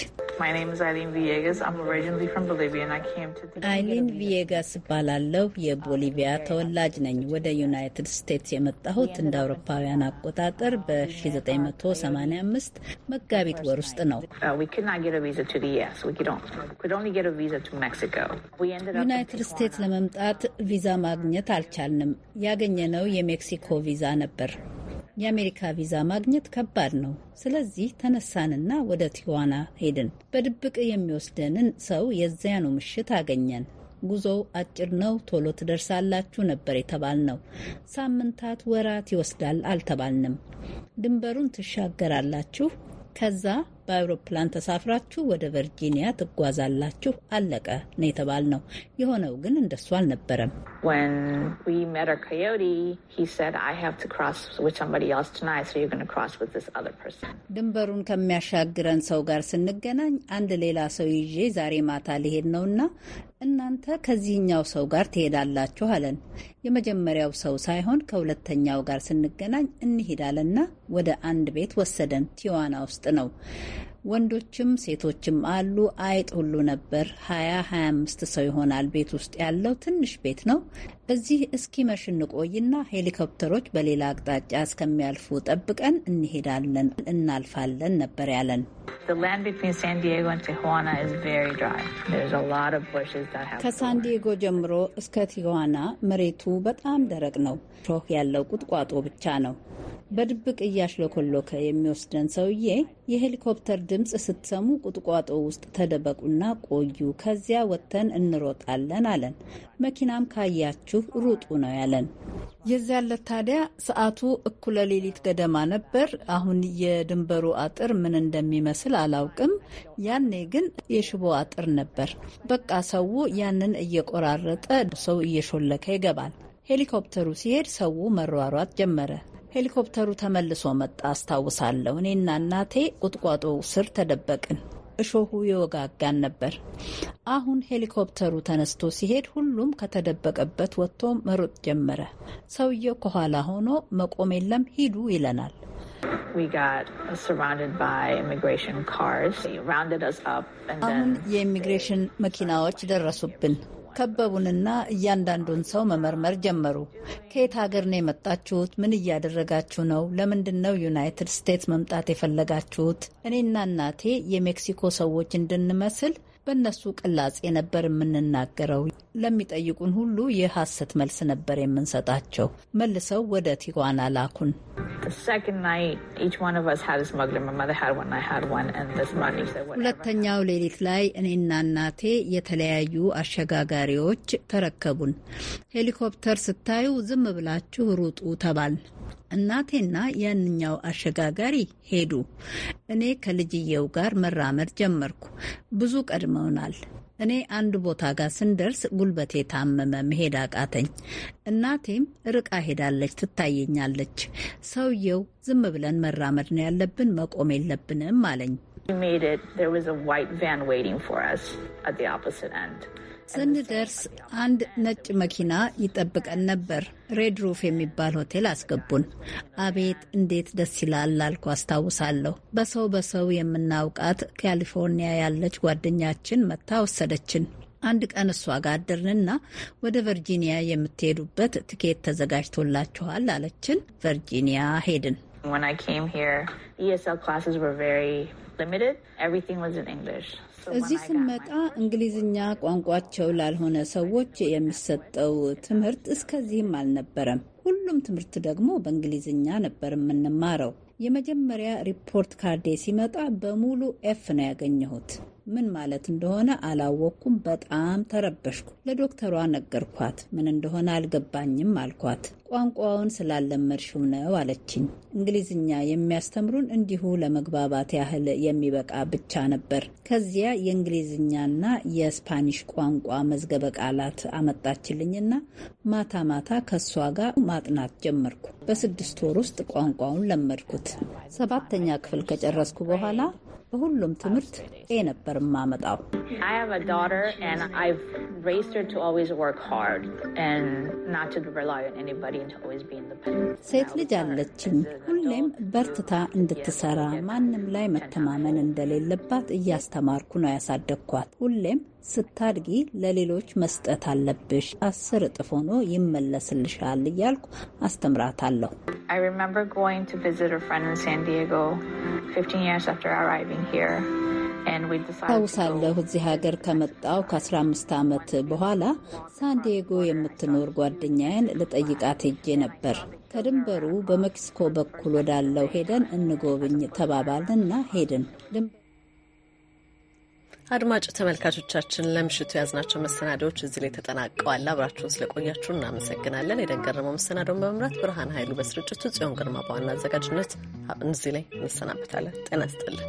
አይሊን ቪየጋስ እባላለሁ። የቦሊቪያ ተወላጅ ነኝ። ወደ ዩናይትድ ስቴትስ የመጣሁት እንደ አውሮፓውያን አቆጣጠር በ1985 መጋቢት ወር ውስጥ ነው። uh, ዩናይትድ ስቴትስ ለመምጣት ቪዛ ማግኘት አልቻልንም። ያገኘነው የሜክሲኮ ቪዛ ነበር። የአሜሪካ ቪዛ ማግኘት ከባድ ነው። ስለዚህ ተነሳንና ወደ ቲዋና ሄድን። በድብቅ የሚወስደንን ሰው የዚያኑ ምሽት አገኘን። ጉዞው አጭር ነው፣ ቶሎ ትደርሳላችሁ ነበር የተባልነው። ሳምንታት፣ ወራት ይወስዳል አልተባልንም። ድንበሩን ትሻገራላችሁ ከዛ በአውሮፕላን ተሳፍራችሁ ወደ ቨርጂኒያ ትጓዛላችሁ፣ አለቀ ነው የተባል ነው። የሆነው ግን እንደሱ አልነበረም። ድንበሩን ከሚያሻግረን ሰው ጋር ስንገናኝ አንድ ሌላ ሰው ይዤ ዛሬ ማታ ሊሄድ ነውና እናንተ ከዚህኛው ሰው ጋር ትሄዳላችሁ አለን። የመጀመሪያው ሰው ሳይሆን ከሁለተኛው ጋር ስንገናኝ እንሄዳለና ወደ አንድ ቤት ወሰደን። ቲዋና ውስጥ ነው። ወንዶችም ሴቶችም አሉ። አይጥ ሁሉ ነበር። ሀያ ሀያ አምስት ሰው ይሆናል ቤት ውስጥ ያለው ትንሽ ቤት ነው። እዚህ እስኪ መሽን ቆይና ሄሊኮፕተሮች በሌላ አቅጣጫ እስከሚያልፉ ጠብቀን እንሄዳለን፣ እናልፋለን ነበር ያለን። ከሳንዲዬጎ ጀምሮ እስከ ቲዋና መሬቱ በጣም ደረቅ ነው። ሾህ ያለው ቁጥቋጦ ብቻ ነው። በድብቅ እያሽለኮሎከ የሚወስደን ሰውዬ የሄሊኮፕተር ድ ድምፅ ስትሰሙ ቁጥቋጦ ውስጥ ተደበቁና ቆዩ፣ ከዚያ ወጥተን እንሮጣለን አለን። መኪናም ካያችሁ ሩጡ ነው ያለን። የዚያ ዕለት ታዲያ ሰዓቱ እኩለ ሌሊት ገደማ ነበር። አሁን የድንበሩ አጥር ምን እንደሚመስል አላውቅም። ያኔ ግን የሽቦ አጥር ነበር። በቃ ሰው ያንን እየቆራረጠ ሰው እየሾለከ ይገባል። ሄሊኮፕተሩ ሲሄድ ሰው መሯሯጥ ጀመረ። ሄሊኮፕተሩ ተመልሶ መጣ አስታውሳለሁ። እኔና እናቴ ቁጥቋጦ ስር ተደበቅን። እሾሁ የወጋጋን ነበር። አሁን ሄሊኮፕተሩ ተነስቶ ሲሄድ ሁሉም ከተደበቀበት ወጥቶ መሮጥ ጀመረ። ሰውየው ከኋላ ሆኖ መቆም የለም ሂዱ ይለናል። አሁን የኢሚግሬሽን መኪናዎች ደረሱብን። ከበቡንና እያንዳንዱን ሰው መመርመር ጀመሩ። ከየት ሀገር ነው የመጣችሁት? ምን እያደረጋችሁ ነው? ለምንድን ነው ዩናይትድ ስቴትስ መምጣት የፈለጋችሁት? እኔና እናቴ የሜክሲኮ ሰዎች እንድንመስል በእነሱ ቅላጼ ነበር የምንናገረው። ለሚጠይቁን ሁሉ የሐሰት መልስ ነበር የምንሰጣቸው። መልሰው ወደ ቲዋና ላኩን። ሁለተኛው ሌሊት ላይ እኔና እናቴ የተለያዩ አሸጋጋሪዎች ተረከቡን። ሄሊኮፕተር ስታዩ ዝም ብላችሁ ሩጡ ተባል። እናቴና ያንኛው አሸጋጋሪ ሄዱ። እኔ ከልጅየው ጋር መራመድ ጀመርኩ። ብዙ ቀድመውናል። እኔ አንድ ቦታ ጋር ስንደርስ ጉልበቴ ታመመ፣ መሄድ አቃተኝ። እናቴም ርቃ ሄዳለች፣ ትታየኛለች። ሰውየው ዝም ብለን መራመድ ነው ያለብን፣ መቆም የለብንም አለኝ። ስንደርስ አንድ ነጭ መኪና ይጠብቀን ነበር። ሬድ ሩፍ የሚባል ሆቴል አስገቡን። አቤት እንዴት ደስ ይላል ላልኩ አስታውሳለሁ። በሰው በሰው የምናውቃት ካሊፎርኒያ ያለች ጓደኛችን መታ ወሰደችን። አንድ ቀን እሷ ጋር አደርንና ወደ ቨርጂኒያ የምትሄዱበት ትኬት ተዘጋጅቶላችኋል አለችን። ቨርጂኒያ ሄድን። When ESL e classes were very limited. Everything was in English. እዚህ ስንመጣ እንግሊዝኛ ቋንቋቸው ላልሆነ ሰዎች የሚሰጠው ትምህርት እስከዚህም አልነበረም። ሁሉም ትምህርት ደግሞ በእንግሊዝኛ ነበር የምንማረው። የመጀመሪያ ሪፖርት ካርዴ ሲመጣ በሙሉ ኤፍ ነው ያገኘሁት። ምን ማለት እንደሆነ አላወቅኩም። በጣም ተረበሽኩ። ለዶክተሯ ነገርኳት። ምን እንደሆነ አልገባኝም አልኳት። ቋንቋውን ስላለመድሽው ነው አለችኝ። እንግሊዝኛ የሚያስተምሩን እንዲሁ ለመግባባት ያህል የሚበቃ ብቻ ነበር። ከዚያ የእንግሊዝኛና የስፓኒሽ ቋንቋ መዝገበ ቃላት አመጣችልኝና ማታ ማታ ከእሷ ጋር ማጥናት ጀመርኩ። በስድስት ወር ውስጥ ቋንቋውን ለመድኩት። ሰባተኛ ክፍል ከጨረስኩ በኋላ በሁሉም ትምህርት ኤ ነበር የማመጣው። ሴት ልጅ አለችኝ። ሁሌም በርትታ እንድትሰራ ማንም ላይ መተማመን እንደሌለባት እያስተማርኩ ነው ያሳደግኳት። ሁሌም ስታድጊ ለሌሎች መስጠት አለብሽ። አስር እጥፍ ሆኖ ይመለስልሻል እያልኩ አስተምራታለሁ። ታውሳለሁ እዚህ ሀገር ከመጣው ከ15 ዓመት በኋላ ሳንዲየጎ የምትኖር ጓደኛዬን ልጠይቃት ሄጄ ነበር። ከድንበሩ በሜክሲኮ በኩል ወዳለው ሄደን እንጎብኝ ተባባልና ሄድን። አድማጭ ተመልካቾቻችን ለምሽቱ የያዝናቸው መሰናዶዎች እዚህ ላይ ተጠናቀዋል። አብራችሁን ስለቆያችሁ እናመሰግናለን። የደንገረመው መሰናዶን በመምራት ብርሃን ኃይሉ በስርጭቱ፣ ጽዮን ግርማ በዋና አዘጋጅነት እዚህ ላይ እንሰናበታለን። ጤና ይስጥልን።